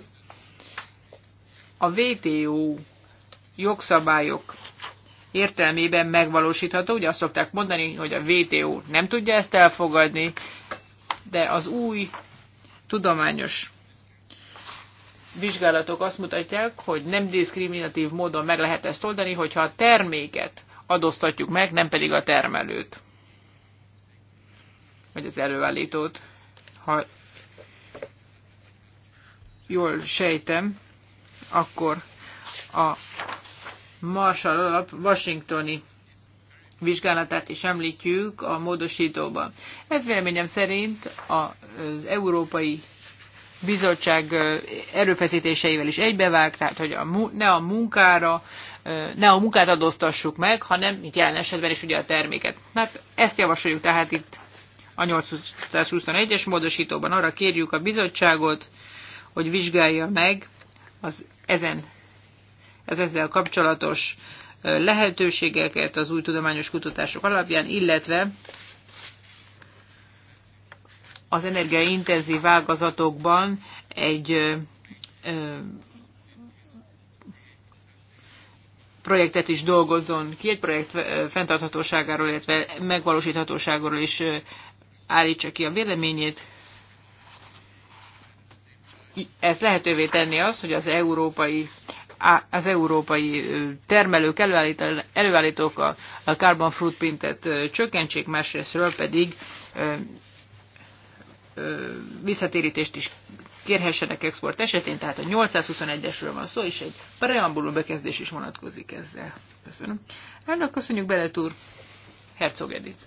a WTO jogszabályok értelmében megvalósítható. Ugye azt szokták mondani, hogy a WTO nem tudja ezt elfogadni, de az új tudományos vizsgálatok azt mutatják, hogy nem diszkriminatív módon meg lehet ezt oldani, hogyha a terméket adóztatjuk meg, nem pedig a termelőt, vagy az előállítót. Ha jól sejtem, akkor a Marshall alap washingtoni vizsgálatát is említjük a módosítóban. Ez véleményem szerint az Európai Bizottság erőfeszítéseivel is egybevág, tehát hogy a, ne a munkára, ne a munkát adóztassuk meg, hanem itt jelen esetben is ugye a terméket. Hát ezt javasoljuk tehát itt a 821-es módosítóban arra kérjük a bizottságot, hogy vizsgálja meg az ezen az ezzel kapcsolatos lehetőségeket az új tudományos kutatások alapján, illetve az energiaintenzív ágazatokban egy projektet is dolgozzon ki, egy projekt fenntarthatóságáról, illetve megvalósíthatóságról is állítsa ki a véleményét. Ez lehetővé tenni azt, hogy az európai az európai termelők, előállítók a, carbon footprintet csökkentsék, másrésztről pedig visszatérítést is kérhessenek export esetén, tehát a 821-esről van szó, és egy preambuló bekezdés is vonatkozik ezzel. Köszönöm. Elnök, köszönjük Belet úr. Herzog edit.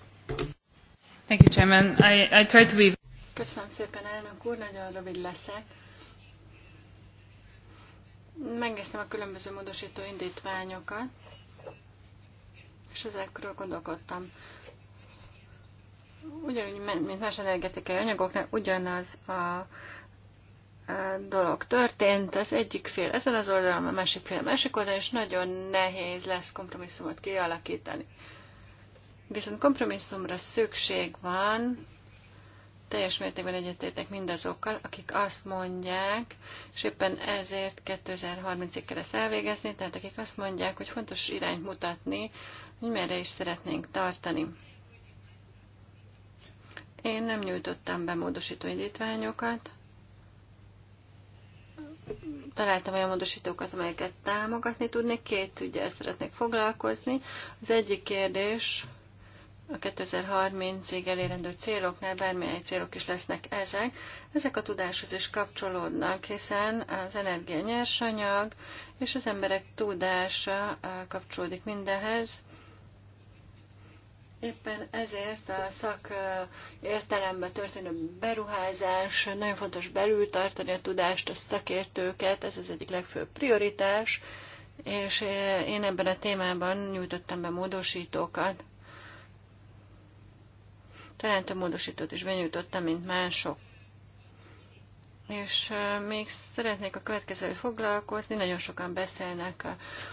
Thank you, Chairman. I, I to be... Köszönöm szépen, elnök úr, nagyon rövid leszek. Megnéztem a különböző módosító indítványokat, és ezekről gondolkodtam. Ugyanúgy, mint más energetikai anyagoknál, ugyanaz a, dolog történt. Az egyik fél ezen az oldalon, a másik fél a másik oldalon, és nagyon nehéz lesz kompromisszumot kialakítani. Viszont kompromisszumra szükség van, teljes mértékben egyetértek mindazokkal, akik azt mondják, és éppen ezért 2030-ig kell ezt elvégezni, tehát akik azt mondják, hogy fontos irányt mutatni, hogy merre is szeretnénk tartani. Én nem nyújtottam be módosító indítványokat. Találtam olyan módosítókat, amelyeket támogatni tudnék. Két ügyel szeretnék foglalkozni. Az egyik kérdés a 2030-ig elérendő céloknál, bármilyen célok is lesznek ezek, ezek a tudáshoz is kapcsolódnak, hiszen az energia nyersanyag és az emberek tudása eh, kapcsolódik mindehez. Éppen ezért a szak eh, értelemben történő beruházás, nagyon fontos belül tartani a tudást, a szakértőket, ez az egyik legfőbb prioritás, és eh, én ebben a témában nyújtottam be módosítókat talán több módosítót is benyújtottam, mint mások. És még szeretnék a következőről foglalkozni. Nagyon sokan beszélnek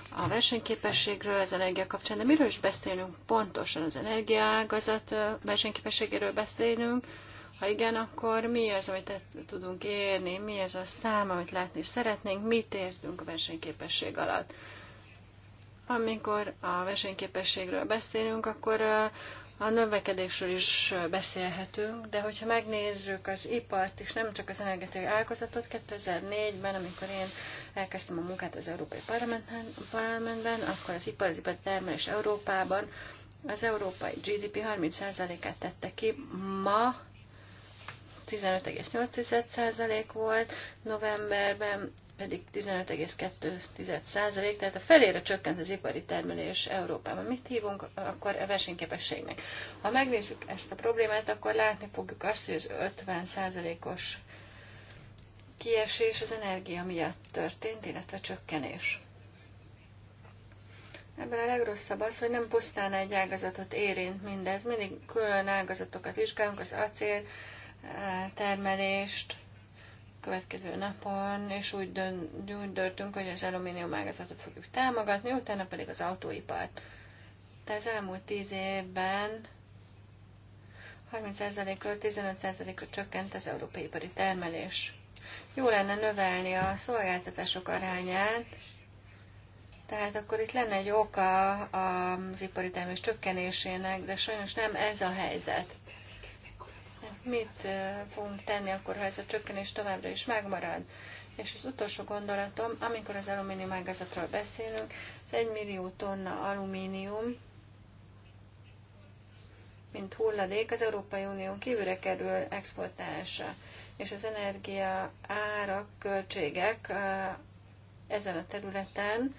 a versenyképességről az energia kapcsán, de miről is beszélünk pontosan? Az energiágazat versenyképességéről beszélünk. Ha igen, akkor mi az, amit tudunk érni, mi az a szám, amit látni szeretnénk, mit értünk a versenyképesség alatt. Amikor a versenyképességről beszélünk, akkor a növekedésről is beszélhetünk, de hogyha megnézzük az ipart, és nem csak az energetikai ágazatot, 2004-ben, amikor én elkezdtem a munkát az Európai Parlamentben, akkor az ipar, az termelés Európában az európai GDP 30%-át tette ki, ma 15,8% volt novemberben, pedig 15,2%, tehát a felére csökkent az ipari termelés Európában. Mit hívunk akkor a versenyképességnek? Ha megnézzük ezt a problémát, akkor látni fogjuk azt, hogy az 50%-os kiesés az energia miatt történt, illetve csökkenés. Ebben a legrosszabb az, hogy nem pusztán egy ágazatot érint mindez, mindig külön ágazatokat vizsgálunk, az acél eh, termelést, következő napon, és úgy, dönt, úgy döntünk, hogy az alumínium ágazatot fogjuk támogatni, utána pedig az autóipart. De az elmúlt tíz évben 30%-ról 15%-ra csökkent az európai ipari termelés. Jó lenne növelni a szolgáltatások arányát, tehát akkor itt lenne egy oka az ipari termés csökkenésének, de sajnos nem ez a helyzet mit fogunk tenni akkor, ha ez a csökkenés továbbra is megmarad. És az utolsó gondolatom, amikor az alumínium ágazatról beszélünk, az 1 millió tonna alumínium, mint hulladék, az Európai Unión kívülre kerül exportálásra. És az energia árak, költségek ezen a területen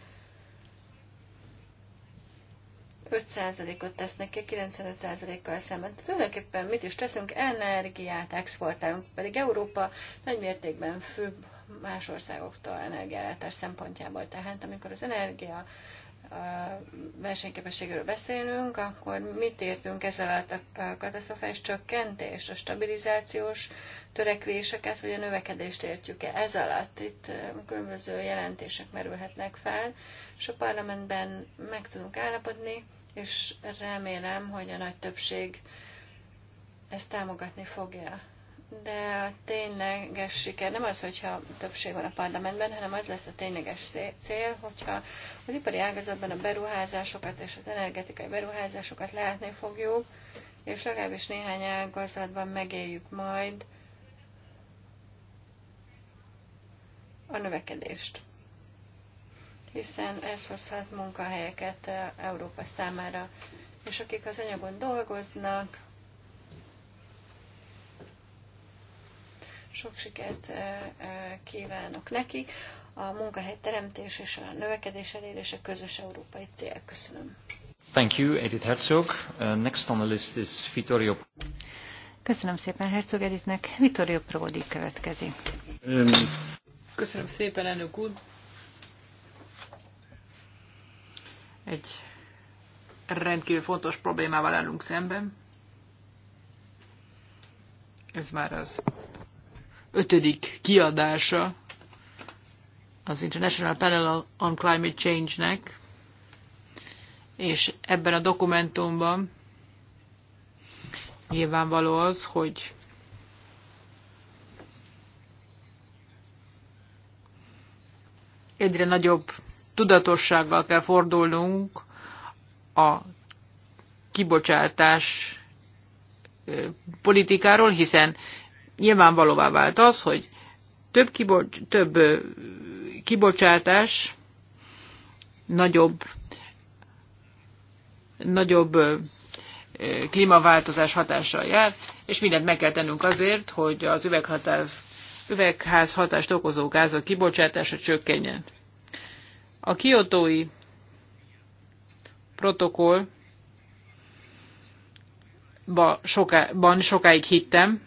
5%-ot tesznek ki 95%-kal szemben. Tehát tulajdonképpen mit is teszünk? Energiát exportálunk, pedig Európa nagymértékben függ más országoktól energiállátás szempontjából. Tehát amikor az energia versenyképességről beszélünk, akkor mit értünk ezzel a katasztrofális csökkentést, a stabilizációs törekvéseket, vagy a növekedést értjük-e ez alatt? Itt különböző jelentések merülhetnek fel, és a parlamentben meg tudunk állapodni, és remélem, hogy a nagy többség ezt támogatni fogja. De a tényleges siker nem az, hogyha többség van a parlamentben, hanem az lesz a tényleges cél, hogyha az ipari ágazatban a beruházásokat és az energetikai beruházásokat látni fogjuk, és legalábbis néhány ágazatban megéljük majd a növekedést hiszen ez hozhat munkahelyeket eh, Európa számára. És akik az anyagon dolgoznak, sok sikert eh, eh, kívánok nekik. A munkahely teremtés és a növekedés elérése közös európai cél. Köszönöm. Thank you, Edith Herzog. Uh, next on the list is Vittorio. Köszönöm szépen Herzog Editnek. Vittorio Prodi következik. Um. Köszönöm szépen, elnök úr. egy rendkívül fontos problémával állunk szemben. Ez már az ötödik kiadása az International Panel on Climate Change-nek, és ebben a dokumentumban nyilvánvaló az, hogy egyre nagyobb tudatossággal kell fordulnunk a kibocsátás politikáról, hiszen nyilvánvalóvá vált az, hogy több, kibocs, több kibocsátás nagyobb, nagyobb klímaváltozás hatással jár, és mindent meg kell tennünk azért, hogy az üveghatás, üvegház hatást okozó gázok kibocsátása csökkenjen. A kiotói protokollban soká, sokáig hittem,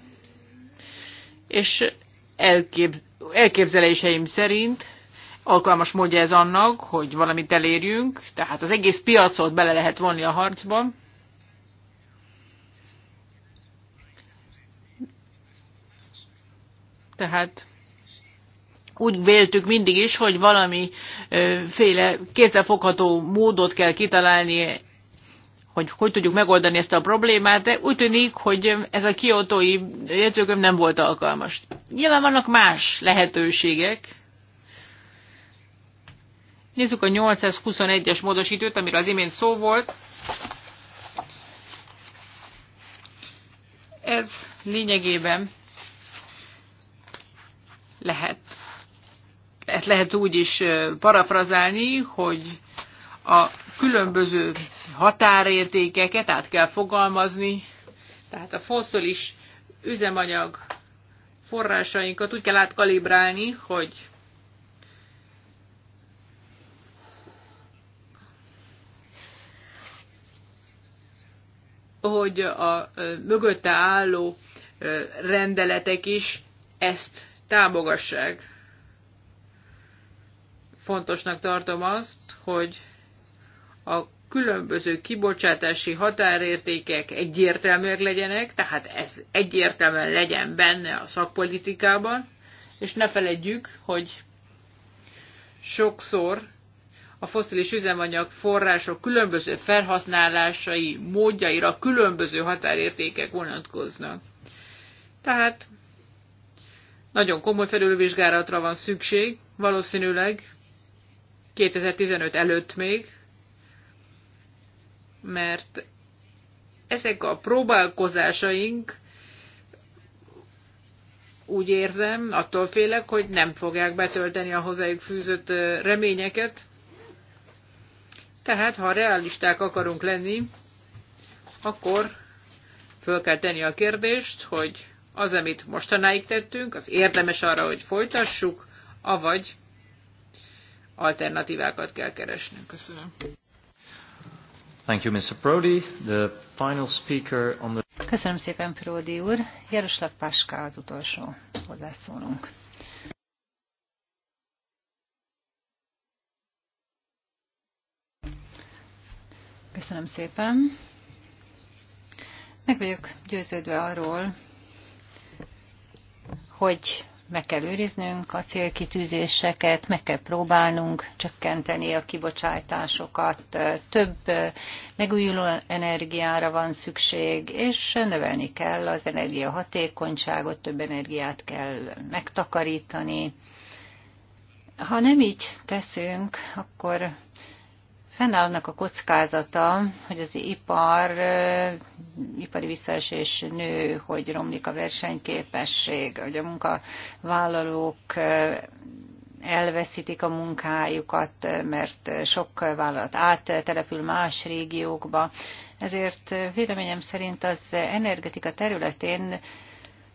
és elkép, elképzeléseim szerint alkalmas módja ez annak, hogy valamit elérjünk, tehát az egész piacot bele lehet vonni a harcba. Tehát úgy véltük mindig is, hogy valami féle kézzelfogható módot kell kitalálni, hogy hogy tudjuk megoldani ezt a problémát, de úgy tűnik, hogy ez a kiotói jegyzőköm nem volt alkalmas. Nyilván vannak más lehetőségek. Nézzük a 821-es módosítőt, amiről az imént szó volt. Ez lényegében lehet ezt lehet úgy is parafrazálni, hogy a különböző határértékeket át kell fogalmazni, tehát a foszilis üzemanyag forrásainkat úgy kell átkalibrálni, hogy hogy a mögötte álló rendeletek is ezt támogassák fontosnak tartom azt, hogy a különböző kibocsátási határértékek egyértelműek legyenek, tehát ez egyértelműen legyen benne a szakpolitikában, és ne feledjük, hogy sokszor a foszilis üzemanyag források különböző felhasználásai, módjaira különböző határértékek vonatkoznak. Tehát nagyon komoly felülvizsgálatra van szükség, valószínűleg 2015 előtt még, mert ezek a próbálkozásaink úgy érzem, attól félek, hogy nem fogják betölteni a hozzájuk fűzött reményeket. Tehát, ha realisták akarunk lenni, akkor föl kell tenni a kérdést, hogy az, amit mostanáig tettünk, az érdemes arra, hogy folytassuk, avagy alternatívákat kell keresnünk. Köszönöm. Thank you, Mr. Prodi. The final speaker on the... Köszönöm szépen, Prodi úr. Jaroslav Paska az utolsó hozzászólunk. Köszönöm szépen. Meg vagyok győződve arról, hogy meg kell őriznünk a célkitűzéseket, meg kell próbálnunk csökkenteni a kibocsátásokat, több megújuló energiára van szükség, és növelni kell az energiahatékonyságot, több energiát kell megtakarítani. Ha nem így teszünk, akkor Fennállnak a kockázata, hogy az ipar, ipari visszaesés nő, hogy romlik a versenyképesség, hogy a munkavállalók elveszítik a munkájukat, mert sok vállalat áttelepül más régiókba. Ezért véleményem szerint az energetika területén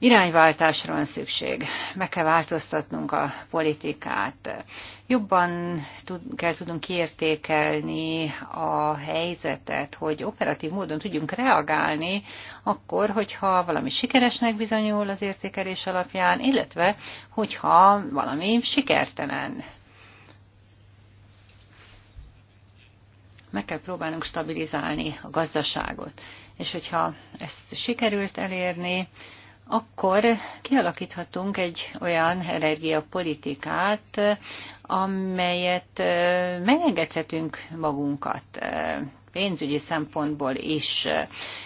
Irányváltásra van szükség, meg kell változtatnunk a politikát. Jobban tud, kell tudnunk kiértékelni a helyzetet, hogy operatív módon tudjunk reagálni akkor, hogyha valami sikeresnek bizonyul az értékelés alapján, illetve hogyha valami sikertelen. Meg kell próbálnunk stabilizálni a gazdaságot. És hogyha ezt sikerült elérni, akkor kialakíthatunk egy olyan energiapolitikát, amelyet megengedhetünk magunkat pénzügyi szempontból is,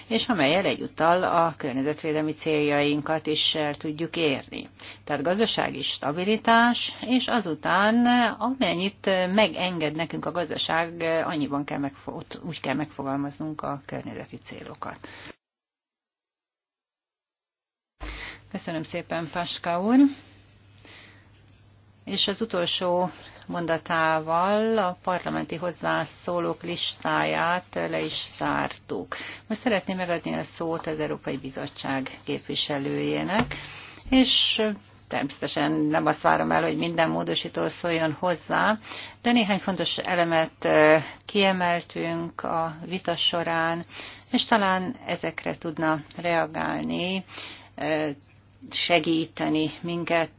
és amelyel egyúttal a környezetvédelmi céljainkat is el tudjuk érni. Tehát gazdasági stabilitás, és azután amennyit megenged nekünk a gazdaság, annyiban kell megfo- úgy kell megfogalmaznunk a környezeti célokat. Köszönöm szépen, Paska úr. És az utolsó mondatával a parlamenti hozzászólók listáját le is zártuk. Most szeretném megadni a szót az Európai Bizottság képviselőjének, és természetesen nem azt várom el, hogy minden módosító szóljon hozzá, de néhány fontos elemet kiemeltünk a vita során, és talán ezekre tudna reagálni segíteni minket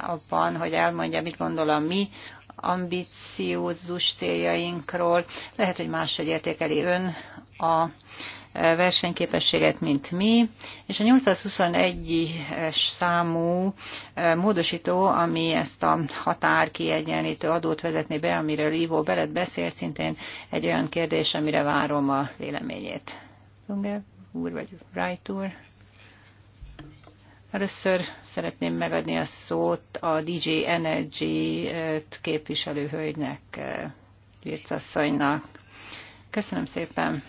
abban, hogy elmondja, mit gondol a mi ambiciózus céljainkról. Lehet, hogy máshogy értékeli ön a versenyképességet, mint mi, és a 821-es számú módosító, ami ezt a kiegyenlítő adót vezetné be, amiről Ivo Belet beszélt, szintén egy olyan kérdés, amire várom a véleményét. Lunger úr, vagy Wright úr? Először szeretném megadni a szót a DJ Energy képviselőhölgynek, Vircasszonynak. Köszönöm szépen!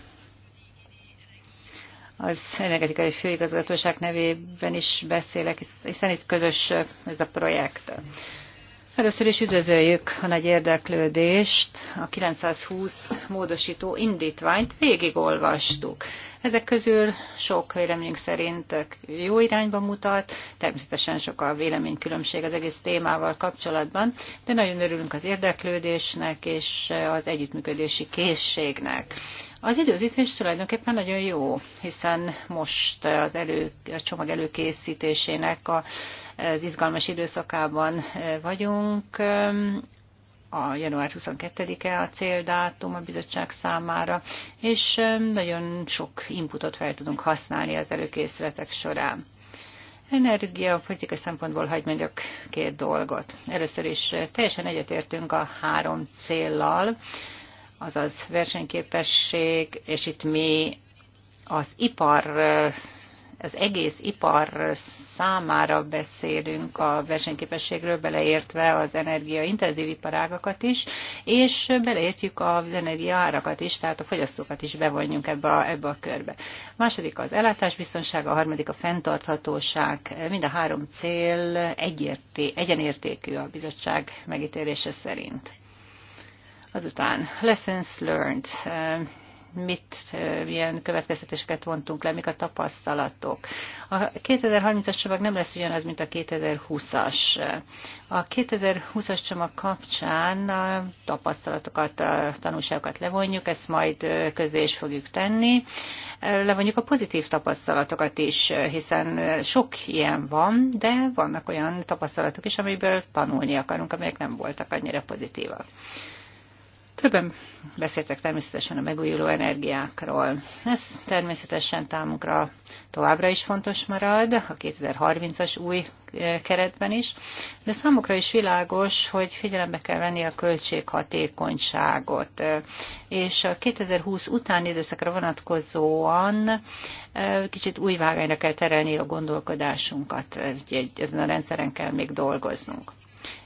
az energetikai főigazgatóság nevében is beszélek, hiszen itt közös ez a projekt. Először is üdvözöljük a nagy érdeklődést, a 920 módosító indítványt végigolvastuk. Ezek közül sok véleményünk szerint jó irányba mutat, természetesen sok a véleménykülönbség az egész témával kapcsolatban, de nagyon örülünk az érdeklődésnek és az együttműködési készségnek. Az időzítés tulajdonképpen nagyon jó, hiszen most az elő, a csomag előkészítésének a, az izgalmas időszakában vagyunk a január 22-e a céldátum a bizottság számára, és nagyon sok inputot fel tudunk használni az előkészületek során. Energia politikai szempontból hagyd mondjak két dolgot. Először is teljesen egyetértünk a három céllal, azaz versenyképesség, és itt mi az ipar az egész ipar számára beszélünk a versenyképességről, beleértve az energiaintenzív iparágakat is, és beleértjük az energiaárakat is, tehát a fogyasztókat is bevonjunk ebbe a, ebbe a körbe. A második az ellátásbiztonság, a harmadik a fenntarthatóság. Mind a három cél egyérté, egyenértékű a bizottság megítélése szerint. Azután lessons learned, mit, milyen következtetéseket vontunk le, mik a tapasztalatok. A 2030-as csomag nem lesz ugyanaz, mint a 2020-as. A 2020-as csomag kapcsán a tapasztalatokat, a tanulságokat levonjuk, ezt majd közé is fogjuk tenni. Levonjuk a pozitív tapasztalatokat is, hiszen sok ilyen van, de vannak olyan tapasztalatok is, amiből tanulni akarunk, amelyek nem voltak annyira pozitívak. Többen beszéltek természetesen a megújuló energiákról. Ez természetesen támunkra továbbra is fontos marad, a 2030-as új e, keretben is, de számukra is világos, hogy figyelembe kell venni a költséghatékonyságot. E, és a 2020 utáni időszakra vonatkozóan e, kicsit új vágányra kell terelni a gondolkodásunkat, ezen a rendszeren kell még dolgoznunk.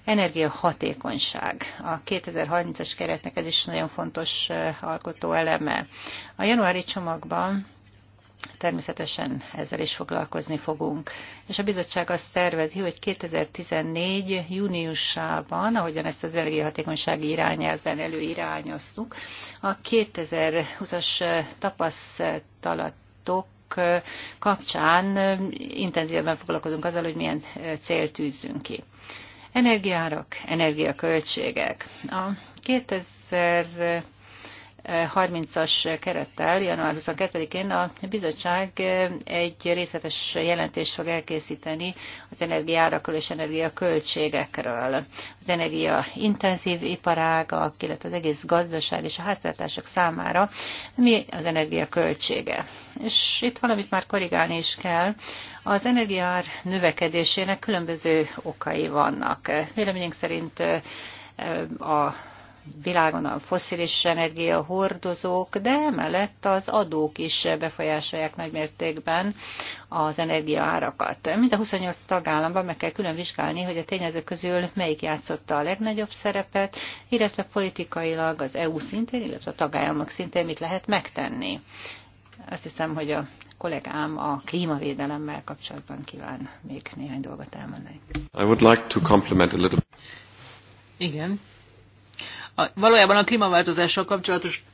Energiahatékonyság. A 2030-as keretnek ez is nagyon fontos eh, alkotó eleme. A januári csomagban természetesen ezzel is foglalkozni fogunk. És a bizottság azt tervezi, hogy 2014. júniusában, ahogyan ezt az energiahatékonysági irányelven előirányoztuk, a 2020-as eh, tapasztalatok eh, kapcsán intenzívebben foglalkozunk azzal, hogy milyen célt tűzzünk ki. Energiárak, energiaköltségek. A 2000 30-as kerettel január 22-én a bizottság egy részletes jelentést fog elkészíteni az energiárakról és energiaköltségekről. Az energia intenzív iparágak, illetve az egész gazdaság és a háztartások számára mi az energiaköltsége. És itt valamit már korrigálni is kell. Az energiaár növekedésének különböző okai vannak. Véleményünk szerint a világon a foszilis energia hordozók, de emellett az adók is befolyásolják nagymértékben az energiaárakat. Mind a 28 tagállamban meg kell külön vizsgálni, hogy a tényezők közül melyik játszotta a legnagyobb szerepet, illetve politikailag az EU szintén, illetve a tagállamok szintén mit lehet megtenni. Azt hiszem, hogy a kollégám a klímavédelemmel kapcsolatban kíván még néhány dolgot elmondani. I would like to compliment a little... Igen, a, valójában a klímaváltozással kapcsolatos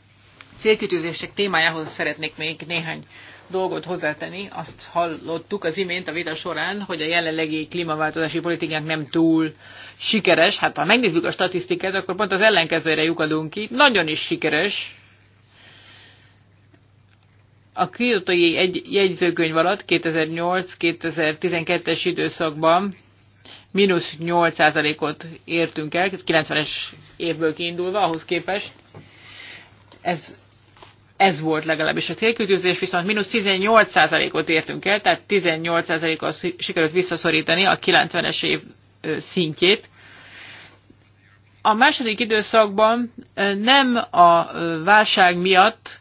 célkitűzések témájához szeretnék még néhány dolgot hozzátenni. Azt hallottuk az imént a vita során, hogy a jelenlegi klímaváltozási politikánk nem túl sikeres. Hát ha megnézzük a statisztikát, akkor pont az ellenkezőre lyukadunk ki. Nagyon is sikeres. A kriotai egy jegyzőkönyv alatt 2008-2012-es időszakban mínusz 8%-ot értünk el, 90-es évből kiindulva ahhoz képest. Ez, ez volt legalábbis a célkütőzés, viszont mínusz 18%-ot értünk el, tehát 18 ot sikerült visszaszorítani a 90-es év szintjét. A második időszakban nem a válság miatt,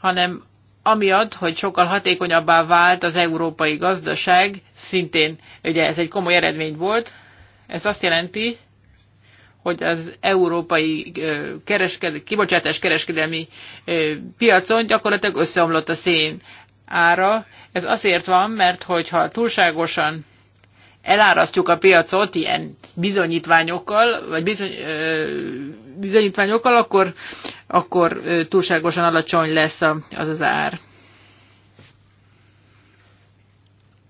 hanem amiatt, hogy sokkal hatékonyabbá vált az európai gazdaság, szintén ugye ez egy komoly eredmény volt, ez azt jelenti, hogy az európai kereskedő, kibocsátás kereskedelmi piacon gyakorlatilag összeomlott a szén ára. Ez azért van, mert hogyha túlságosan elárasztjuk a piacot ilyen bizonyítványokkal, vagy bizony, bizonyítványokkal, akkor, akkor túlságosan alacsony lesz az az ár.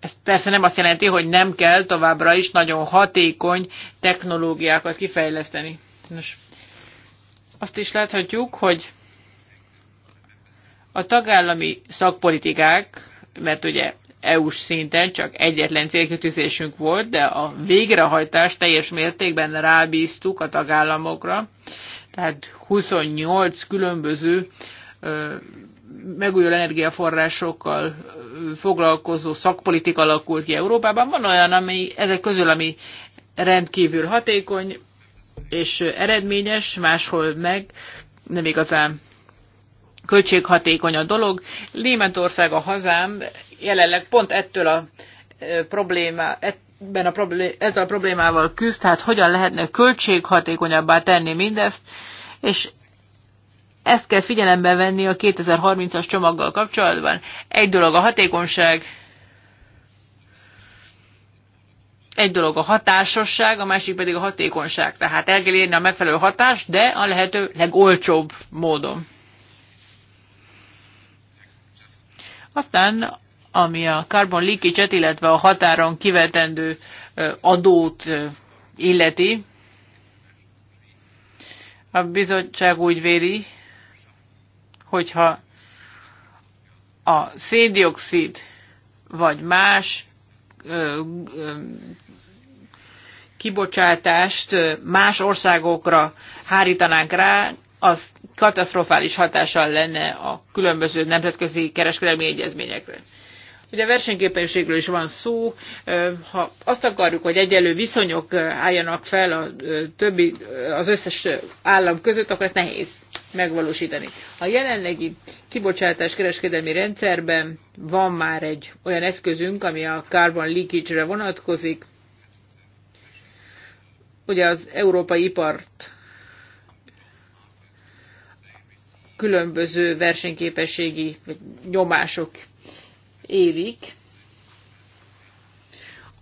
Ez persze nem azt jelenti, hogy nem kell továbbra is nagyon hatékony technológiákat kifejleszteni. Nos, azt is láthatjuk, hogy a tagállami szakpolitikák, mert ugye EU-s szinten csak egyetlen célkötőzésünk volt, de a végrehajtást teljes mértékben rábíztuk a tagállamokra, tehát 28 különböző megújuló energiaforrásokkal foglalkozó szakpolitika alakult ki Európában. Van olyan, ami ezek közül, ami rendkívül hatékony és eredményes, máshol meg nem igazán költséghatékony a dolog. Németország a hazám jelenleg pont ettől a probléma, ebben a problé, ezzel a problémával küzd, tehát hogyan lehetne költséghatékonyabbá tenni mindezt, és ezt kell figyelembe venni a 2030-as csomaggal kapcsolatban. Egy dolog a hatékonyság, egy dolog a hatásosság, a másik pedig a hatékonyság. Tehát el kell érni a megfelelő hatást, de a lehető legolcsóbb módon. Aztán ami a carbon leakage illetve a határon kivetendő adót illeti. A bizottság úgy véli, hogyha a széndiokszid vagy más kibocsátást más országokra hárítanánk rá, az katasztrofális hatással lenne a különböző nemzetközi kereskedelmi egyezményekre. Ugye versenyképességről is van szó, ha azt akarjuk, hogy egyelő viszonyok álljanak fel a többi, az összes állam között, akkor ez nehéz megvalósítani. A jelenlegi kibocsátás kereskedelmi rendszerben van már egy olyan eszközünk, ami a carbon leakage-re vonatkozik. Ugye az európai ipart különböző versenyképességi nyomások évig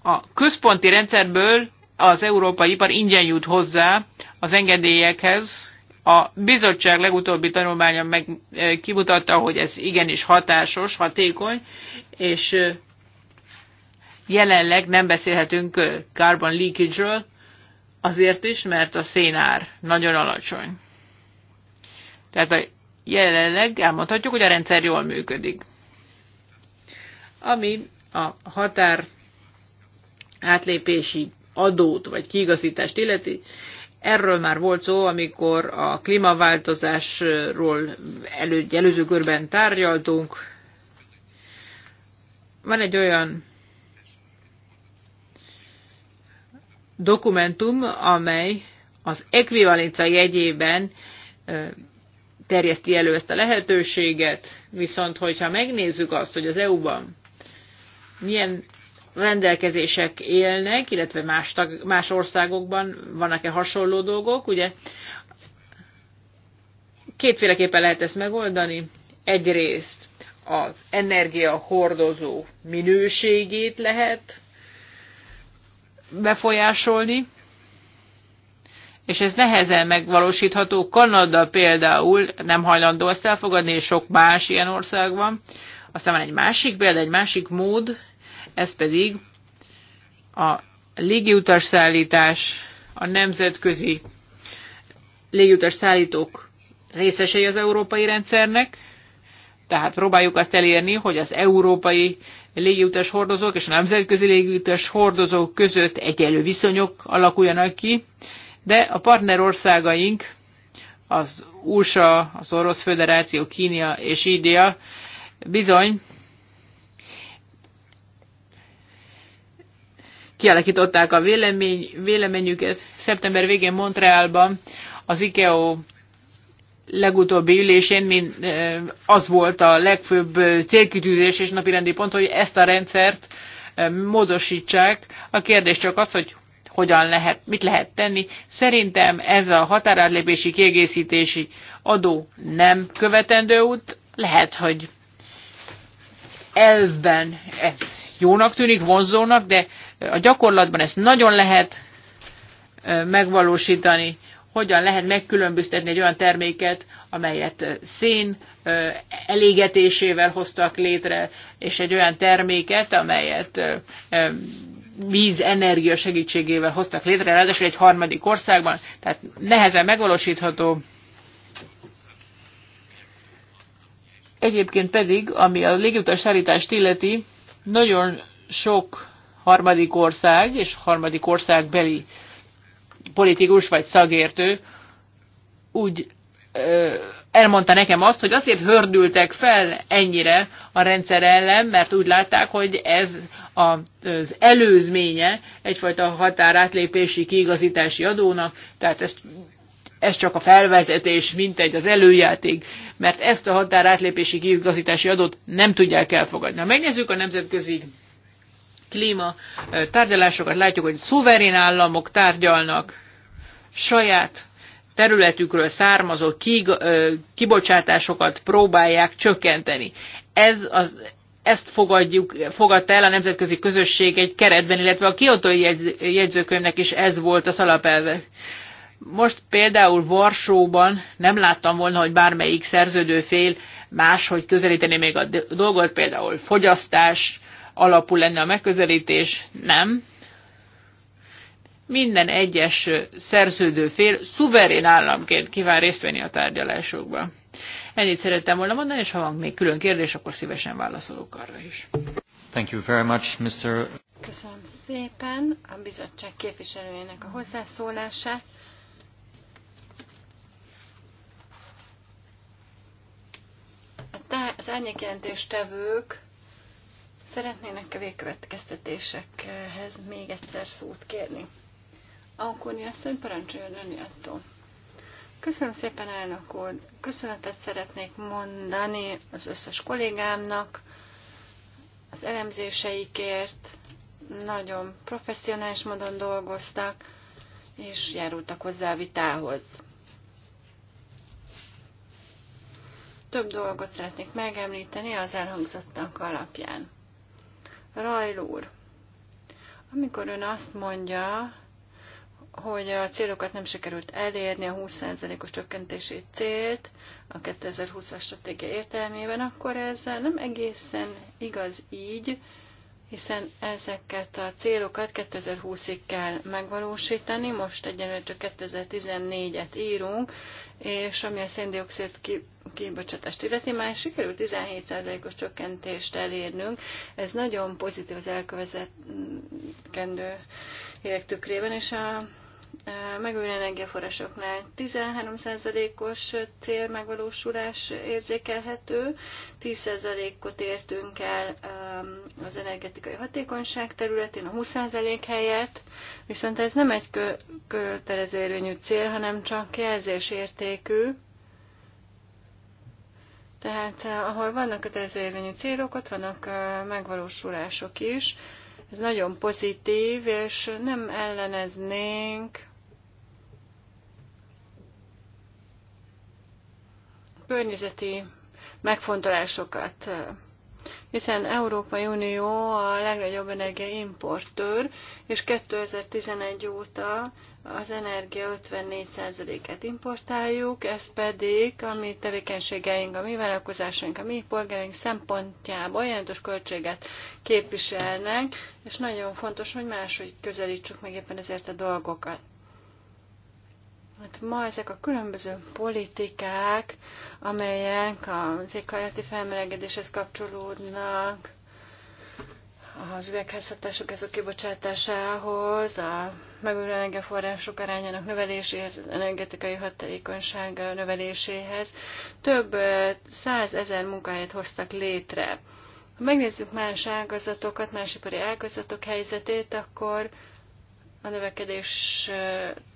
a központi rendszerből az európai ipar ingyen jut hozzá az engedélyekhez. A bizottság legutóbbi tanulmánya meg eh, kimutatta, hogy ez igenis hatásos, hatékony, és eh, jelenleg nem beszélhetünk eh, carbon leakage-ről, azért is, mert a szénár nagyon alacsony. Tehát a jelenleg elmondhatjuk, hogy a rendszer jól működik ami a határ átlépési adót vagy kiigazítást illeti. Erről már volt szó, amikor a klímaváltozásról elő, előző körben tárgyaltunk. Van egy olyan dokumentum, amely az ekvivalencia jegyében terjeszti elő ezt a lehetőséget, viszont hogyha megnézzük azt, hogy az EU-ban milyen rendelkezések élnek, illetve más, tag, más országokban vannak-e hasonló dolgok, ugye? Kétféleképpen lehet ezt megoldani. Egyrészt az energiahordozó minőségét lehet befolyásolni, és ez nehezen megvalósítható. Kanada például nem hajlandó ezt elfogadni, és sok más ilyen ország van. Aztán van egy másik példa, egy másik mód, ez pedig a légiutasszállítás, a nemzetközi légiutas szállítók részesei az európai rendszernek, tehát próbáljuk azt elérni, hogy az európai légiutas hordozók és a nemzetközi légiutas hordozók között egyenlő viszonyok alakuljanak ki, de a partnerországaink, az USA, az Orosz Föderáció, Kínia és India bizony kialakították a vélemény, véleményüket. Szeptember végén Montrealban az IKEO legutóbbi ülésén mint az volt a legfőbb célkitűzés és napirendi pont, hogy ezt a rendszert módosítsák. A kérdés csak az, hogy hogyan lehet, mit lehet tenni. Szerintem ez a határátlépési kiegészítési adó nem követendő út. Lehet, hogy elvben ez jónak tűnik, vonzónak, de a gyakorlatban ezt nagyon lehet megvalósítani, hogyan lehet megkülönböztetni egy olyan terméket, amelyet szén elégetésével hoztak létre, és egy olyan terméket, amelyet víz energia segítségével hoztak létre, ráadásul egy harmadik országban, tehát nehezen megvalósítható. Egyébként pedig, ami a légutas szállítást illeti, nagyon sok harmadik ország és harmadik országbeli politikus vagy szagértő úgy elmondta nekem azt, hogy azért hördültek fel ennyire a rendszer ellen, mert úgy látták, hogy ez az előzménye egyfajta határátlépési kiigazítási adónak, tehát ez, ez csak a felvezetés, mint egy az előjáték, mert ezt a határátlépési kiigazítási adót nem tudják elfogadni. Ha megnézzük a nemzetközi klíma tárgyalásokat látjuk, hogy szuverén államok tárgyalnak saját területükről származó kibocsátásokat próbálják csökkenteni. Ez az, ezt fogadjuk, fogadta el a nemzetközi közösség egy keretben, illetve a kiotói jegyzőkönyvnek is ez volt az alapelve. Most például Varsóban nem láttam volna, hogy bármelyik szerződőfél máshogy közelíteni még a dolgot, például fogyasztás, alapú lenne a megközelítés, nem. Minden egyes szerződő fél szuverén államként kíván részt venni a tárgyalásokba. Ennyit szerettem volna mondani, és ha van még külön kérdés, akkor szívesen válaszolok arra is. Thank you very much, Mr. Köszönöm szépen a bizottság képviselőjének a hozzászólását. az árnyékjelentéstevők Szeretnének a végkövetkeztetésekhez még egyszer szót kérni. Aukóni asszony, parancsoljon önni a szó. Köszönöm szépen, elnök úr. Köszönetet szeretnék mondani az összes kollégámnak, az elemzéseikért. Nagyon professzionális módon dolgoztak, és járultak hozzá a vitához. Több dolgot szeretnék megemlíteni az elhangzottak alapján. Rajl úr, amikor ön azt mondja, hogy a célokat nem sikerült elérni, a 20%-os csökkentési célt a 2020-as stratégia értelmében, akkor ez nem egészen igaz így, hiszen ezeket a célokat 2020-ig kell megvalósítani, most egyenlőre csak 2014-et írunk, és ami a széndiokszid kibocsátást illeti, már sikerült 17%-os csökkentést elérnünk. Ez nagyon pozitív az elkövetkezendő évek tükrében, és a megújuló energiaforrásoknál 13%-os cél megvalósulás érzékelhető, 10%-ot értünk el um, az energetikai hatékonyság területén, a 20% helyett, viszont ez nem egy kötelező érvényű cél, hanem csak jelzésértékű, tehát eh, ahol vannak kötelező érvényű célok, ott vannak eh, megvalósulások is, ez nagyon pozitív, és nem elleneznénk környezeti megfontolásokat hiszen Európai Unió a legnagyobb energiaimportőr, és 2011 óta az energia 54 et importáljuk, ez pedig a mi tevékenységeink, a mi vállalkozásaink, a mi polgáraink szempontjából jelentős költséget képviselnek, és nagyon fontos, hogy máshogy közelítsük meg éppen ezért a dolgokat mert hát ma ezek a különböző politikák, amelyek az éghajlati felmelegedéshez kapcsolódnak, az üvegházhatások ezok kibocsátásához, a megújuló energiaforrások arányának növeléséhez, az energetikai hatékonyság növeléséhez több százezer munkahelyet hoztak létre. Ha megnézzük más ágazatokat, más ipari ágazatok helyzetét, akkor a növekedés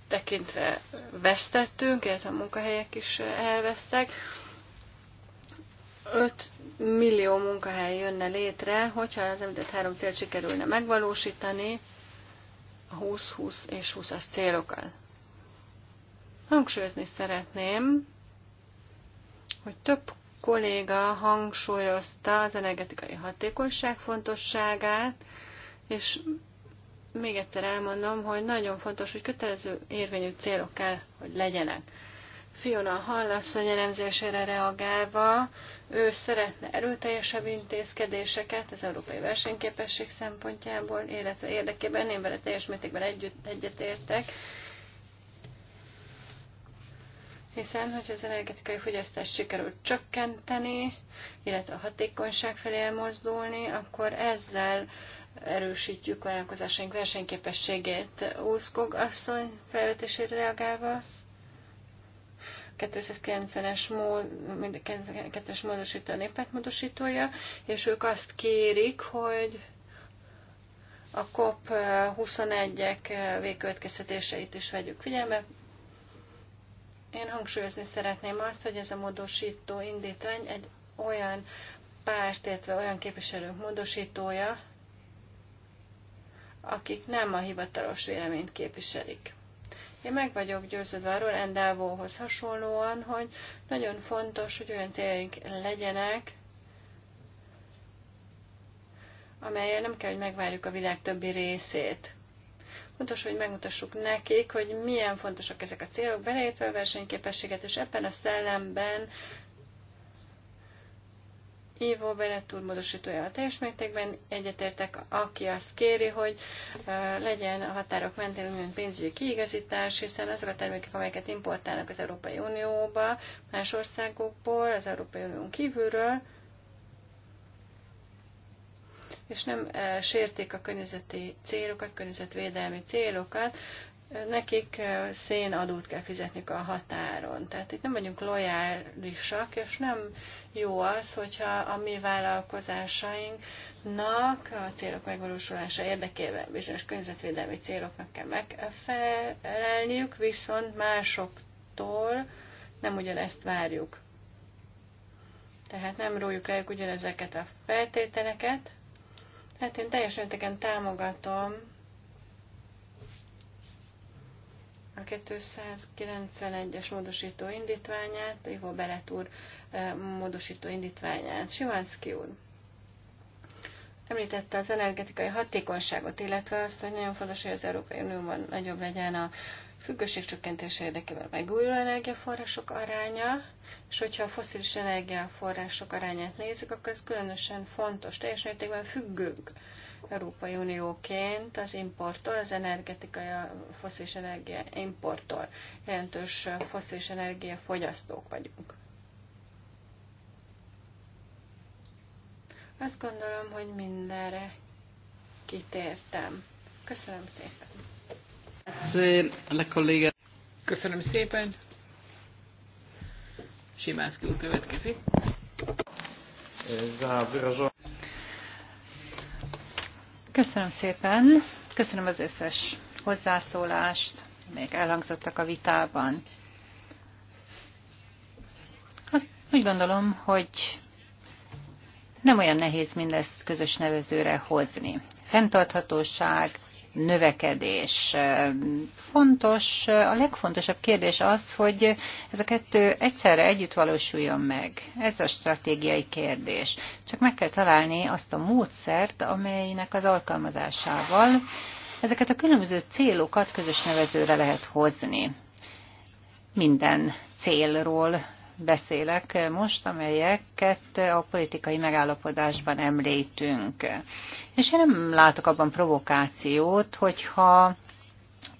tekintve vesztettünk, illetve a munkahelyek is elvesztek. 5 millió munkahely jönne létre, hogyha az említett három célt sikerülne megvalósítani, a 20-20 és 20-as célokat. Hangsúlyozni szeretném, hogy több kolléga hangsúlyozta az energetikai hatékonyság fontosságát, és még egyszer elmondom, hogy nagyon fontos, hogy kötelező érvényű célok kell, hogy legyenek. Fiona Hallasszony elemzésére reagálva, ő szeretne erőteljesebb intézkedéseket az európai versenyképesség szempontjából, illetve érdekében én vele teljes mértékben együtt egyetértek, hiszen, hogy az energetikai fogyasztást sikerült csökkenteni, illetve a hatékonyság felé elmozdulni, akkor ezzel erősítjük vállalkozásaink versenyképességét. Úszkog asszony felvetésére reagálva. 290-es mód, 292-es módosító a népek módosítója, és ők azt kérik, hogy a COP21-ek végkövetkeztetéseit is vegyük figyelembe. Én hangsúlyozni szeretném azt, hogy ez a módosító indítvány egy olyan párt, illetve olyan képviselők módosítója, akik nem a hivatalos véleményt képviselik. Én meg vagyok győződve arról, Endávóhoz hasonlóan, hogy nagyon fontos, hogy olyan céljaink legyenek, amelyen nem kell, hogy megvárjuk a világ többi részét. Fontos, hogy megmutassuk nekik, hogy milyen fontosak ezek a célok, beleértve a versenyképességet, és ebben a szellemben Ivo Benetúr módosítója a teljes mértékben egyetértek, aki azt kéri, hogy legyen a határok mentén úgymond pénzügyi kiigazítás, hiszen azok a termékek, amelyeket importálnak az Európai Unióba, más országokból, az Európai Unión kívülről, és nem sérték a környezeti célokat, környezetvédelmi célokat, nekik eh, adót kell fizetniük a határon. Tehát itt nem vagyunk lojálisak, és nem jó az, hogyha a mi vállalkozásainknak a célok megvalósulása érdekében bizonyos környezetvédelmi céloknak kell megfelelniük, viszont másoktól nem ugyanezt várjuk. Tehát nem rójuk rájuk ugyanezeket a feltételeket. Hát én teljesen értéken támogatom a 291-es módosító indítványát, Ivo Belet úr e, módosító indítványát. Simanszki úr említette az energetikai hatékonyságot, illetve azt, hogy nagyon fontos, hogy az Európai Unióban nagyobb legyen a csökkentése érdekében megújuló energiaforrások aránya, és hogyha a foszilis energiaforrások arányát nézzük, akkor ez különösen fontos. Teljes mértékben függünk Európai Unióként az importtól, az energetikai foszilis energia importtól jelentős foszilis energia fogyasztók vagyunk. Azt gondolom, hogy mindenre kitértem. Köszönöm szépen. Köszönöm szépen. Simánszki úr következik. Za Köszönöm szépen. Köszönöm az összes hozzászólást, még elhangzottak a vitában. Azt úgy gondolom, hogy nem olyan nehéz mindezt közös nevezőre hozni. Fentarthatóság, növekedés. Fontos, a legfontosabb kérdés az, hogy ez a kettő egyszerre együtt valósuljon meg. Ez a stratégiai kérdés. Csak meg kell találni azt a módszert, amelynek az alkalmazásával ezeket a különböző célokat közös nevezőre lehet hozni. Minden célról beszélek most, amelyeket a politikai megállapodásban említünk. És én nem látok abban provokációt, hogyha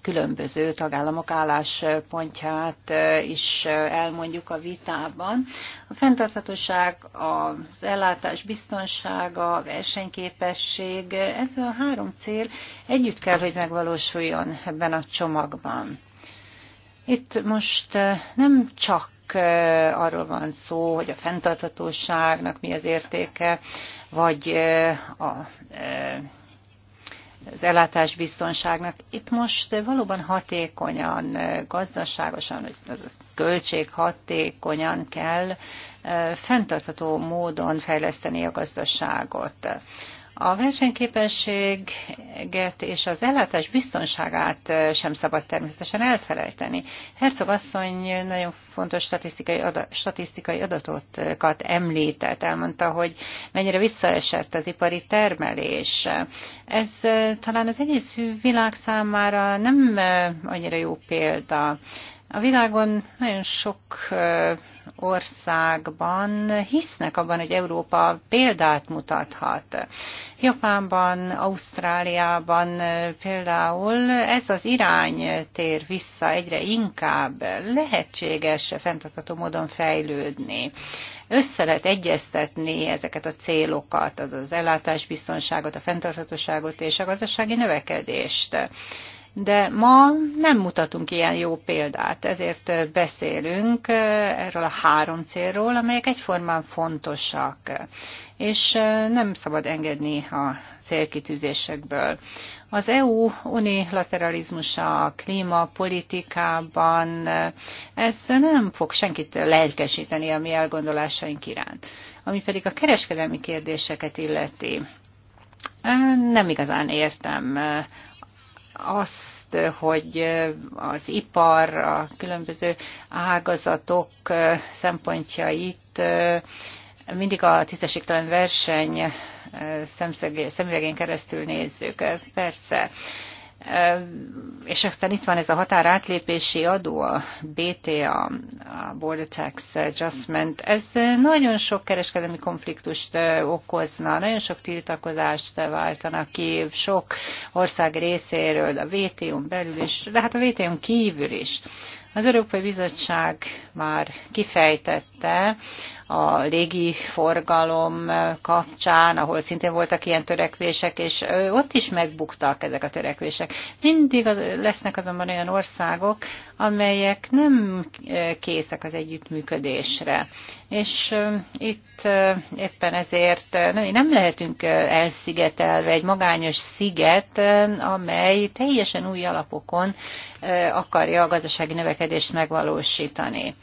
különböző tagállamok álláspontját eh, is eh, elmondjuk a vitában. A fenntarthatóság, az ellátás biztonsága, a versenyképesség, ez a három cél együtt kell, hogy megvalósuljon ebben a csomagban. Itt most eh, nem csak arról van szó, hogy a fenntarthatóságnak mi az értéke, vagy a az ellátásbiztonságnak. Itt most valóban hatékonyan, gazdaságosan, költség hatékonyan kell fenntartható módon fejleszteni a gazdaságot. A versenyképességet és az ellátás biztonságát sem szabad természetesen elfelejteni. Herzog asszony nagyon fontos statisztikai, adat, statisztikai adatokat említett, elmondta, hogy mennyire visszaesett az ipari termelés. Ez talán az egész világ számára nem annyira jó példa. A világon nagyon sok országban hisznek abban, hogy Európa példát mutathat. Japánban, Ausztráliában például ez az irány tér vissza egyre inkább lehetséges fenntartható módon fejlődni. Össze lehet egyeztetni ezeket a célokat, az az ellátásbiztonságot, a fenntarthatóságot és a gazdasági növekedést de ma nem mutatunk ilyen jó példát, ezért beszélünk eh, erről a három célról, amelyek egyformán fontosak, és eh, nem szabad engedni a célkitűzésekből. Az EU unilateralizmusa a klímapolitikában, eh, ez nem fog senkit lelkesíteni a mi elgondolásaink iránt. Ami pedig a kereskedelmi kérdéseket illeti, nem igazán értem azt, hogy az ipar, a különböző ágazatok szempontjait mindig a tisztességtelen verseny szemüvegén keresztül nézzük. Persze, és aztán itt van ez a határátlépési adó, a BTA, a Border Tax Adjustment. Ez nagyon sok kereskedelmi konfliktust okozna, nagyon sok tiltakozást váltana ki, sok ország részéről, a WTO-n belül is, de hát a WTO-n kívül is. Az Európai Bizottság már kifejtette a légi forgalom kapcsán, ahol szintén voltak ilyen törekvések, és ott is megbuktak ezek a törekvések. Mindig lesznek azonban olyan országok, amelyek nem készek az együttműködésre. És itt éppen ezért nem lehetünk elszigetelve, egy magányos sziget, amely teljesen új alapokon akarja a gazdasági növekedést megvalósítani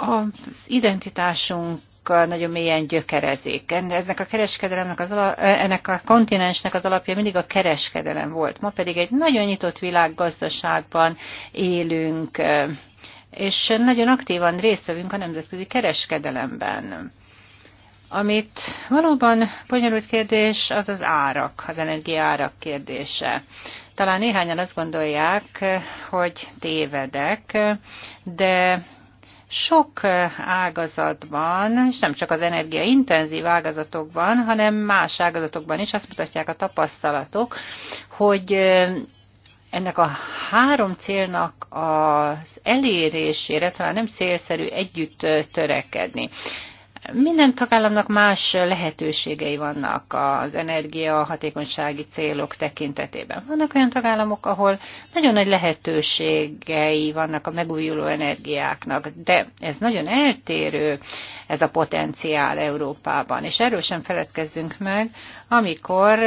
az identitásunk nagyon mélyen gyökerezik. Ennek a kereskedelemnek az ala, ennek a kontinensnek az alapja mindig a kereskedelem volt. Ma pedig egy nagyon nyitott világgazdaságban élünk, és nagyon aktívan részt a nemzetközi kereskedelemben. Amit valóban bonyolult kérdés, az az árak, az energiaárak kérdése. Talán néhányan azt gondolják, hogy tévedek, de sok eh, ágazatban, és nem csak az energiaintenzív ágazatokban, hanem más ágazatokban is azt mutatják a tapasztalatok, hogy eh, ennek a három célnak az elérésére talán nem célszerű együtt eh, törekedni. Minden tagállamnak más lehetőségei vannak az energia hatékonysági célok tekintetében. Vannak olyan tagállamok, ahol nagyon nagy lehetőségei vannak a megújuló energiáknak, de ez nagyon eltérő ez a potenciál Európában. És erről sem feledkezzünk meg, amikor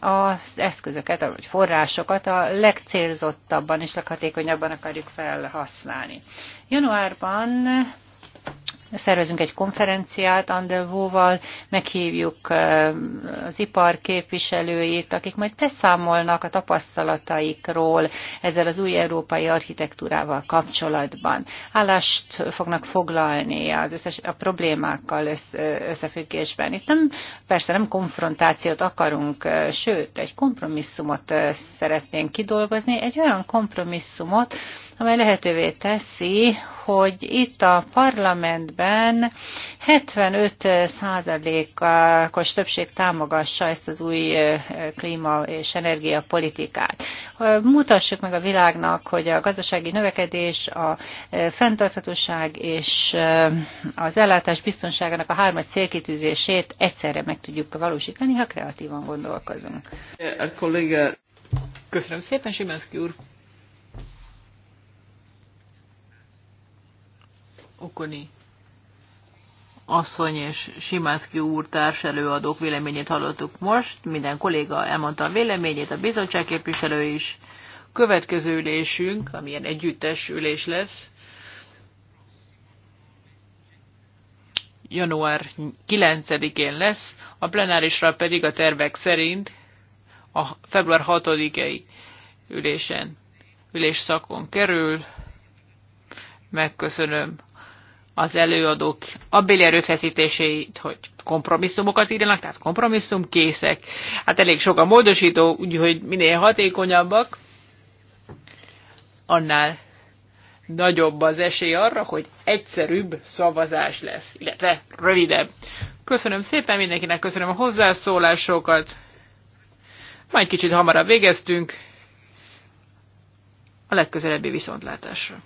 az eszközöket, vagy forrásokat a legcélzottabban és leghatékonyabban akarjuk felhasználni. Januárban szervezünk egy konferenciát Andelvóval, meghívjuk az ipar képviselőit, akik majd beszámolnak a tapasztalataikról ezzel az új európai architektúrával kapcsolatban. Állást fognak foglalni az összes, a problémákkal összefüggésben. Itt nem, persze nem konfrontációt akarunk, sőt, egy kompromisszumot szeretnénk kidolgozni, egy olyan kompromisszumot, amely lehetővé teszi, hogy itt a parlamentben 75%-os többség támogassa ezt az új klíma és energiapolitikát. Mutassuk meg a világnak, hogy a gazdasági növekedés, a fenntarthatóság és az ellátás biztonságának a hármas célkitűzését egyszerre meg tudjuk valósítani, ha kreatívan gondolkozunk. Köszönöm szépen, Simenszki úr! Okoni asszony és Simánszki úr társ előadók véleményét hallottuk most. Minden kolléga elmondta a véleményét, a bizottság képviselő is. Következő ülésünk, amilyen együttes ülés lesz, január 9-én lesz, a plenárisra pedig a tervek szerint a február 6-i ülésen, ülésszakon kerül. Megköszönöm az előadók abbéli erőfeszítéseit, hogy kompromisszumokat írjanak, tehát kompromisszumkészek. Hát elég sok a módosító, úgyhogy minél hatékonyabbak, annál nagyobb az esély arra, hogy egyszerűbb szavazás lesz, illetve rövidebb. Köszönöm szépen mindenkinek, köszönöm a hozzászólásokat. Majd kicsit hamarabb végeztünk. A legközelebbi viszontlátásra.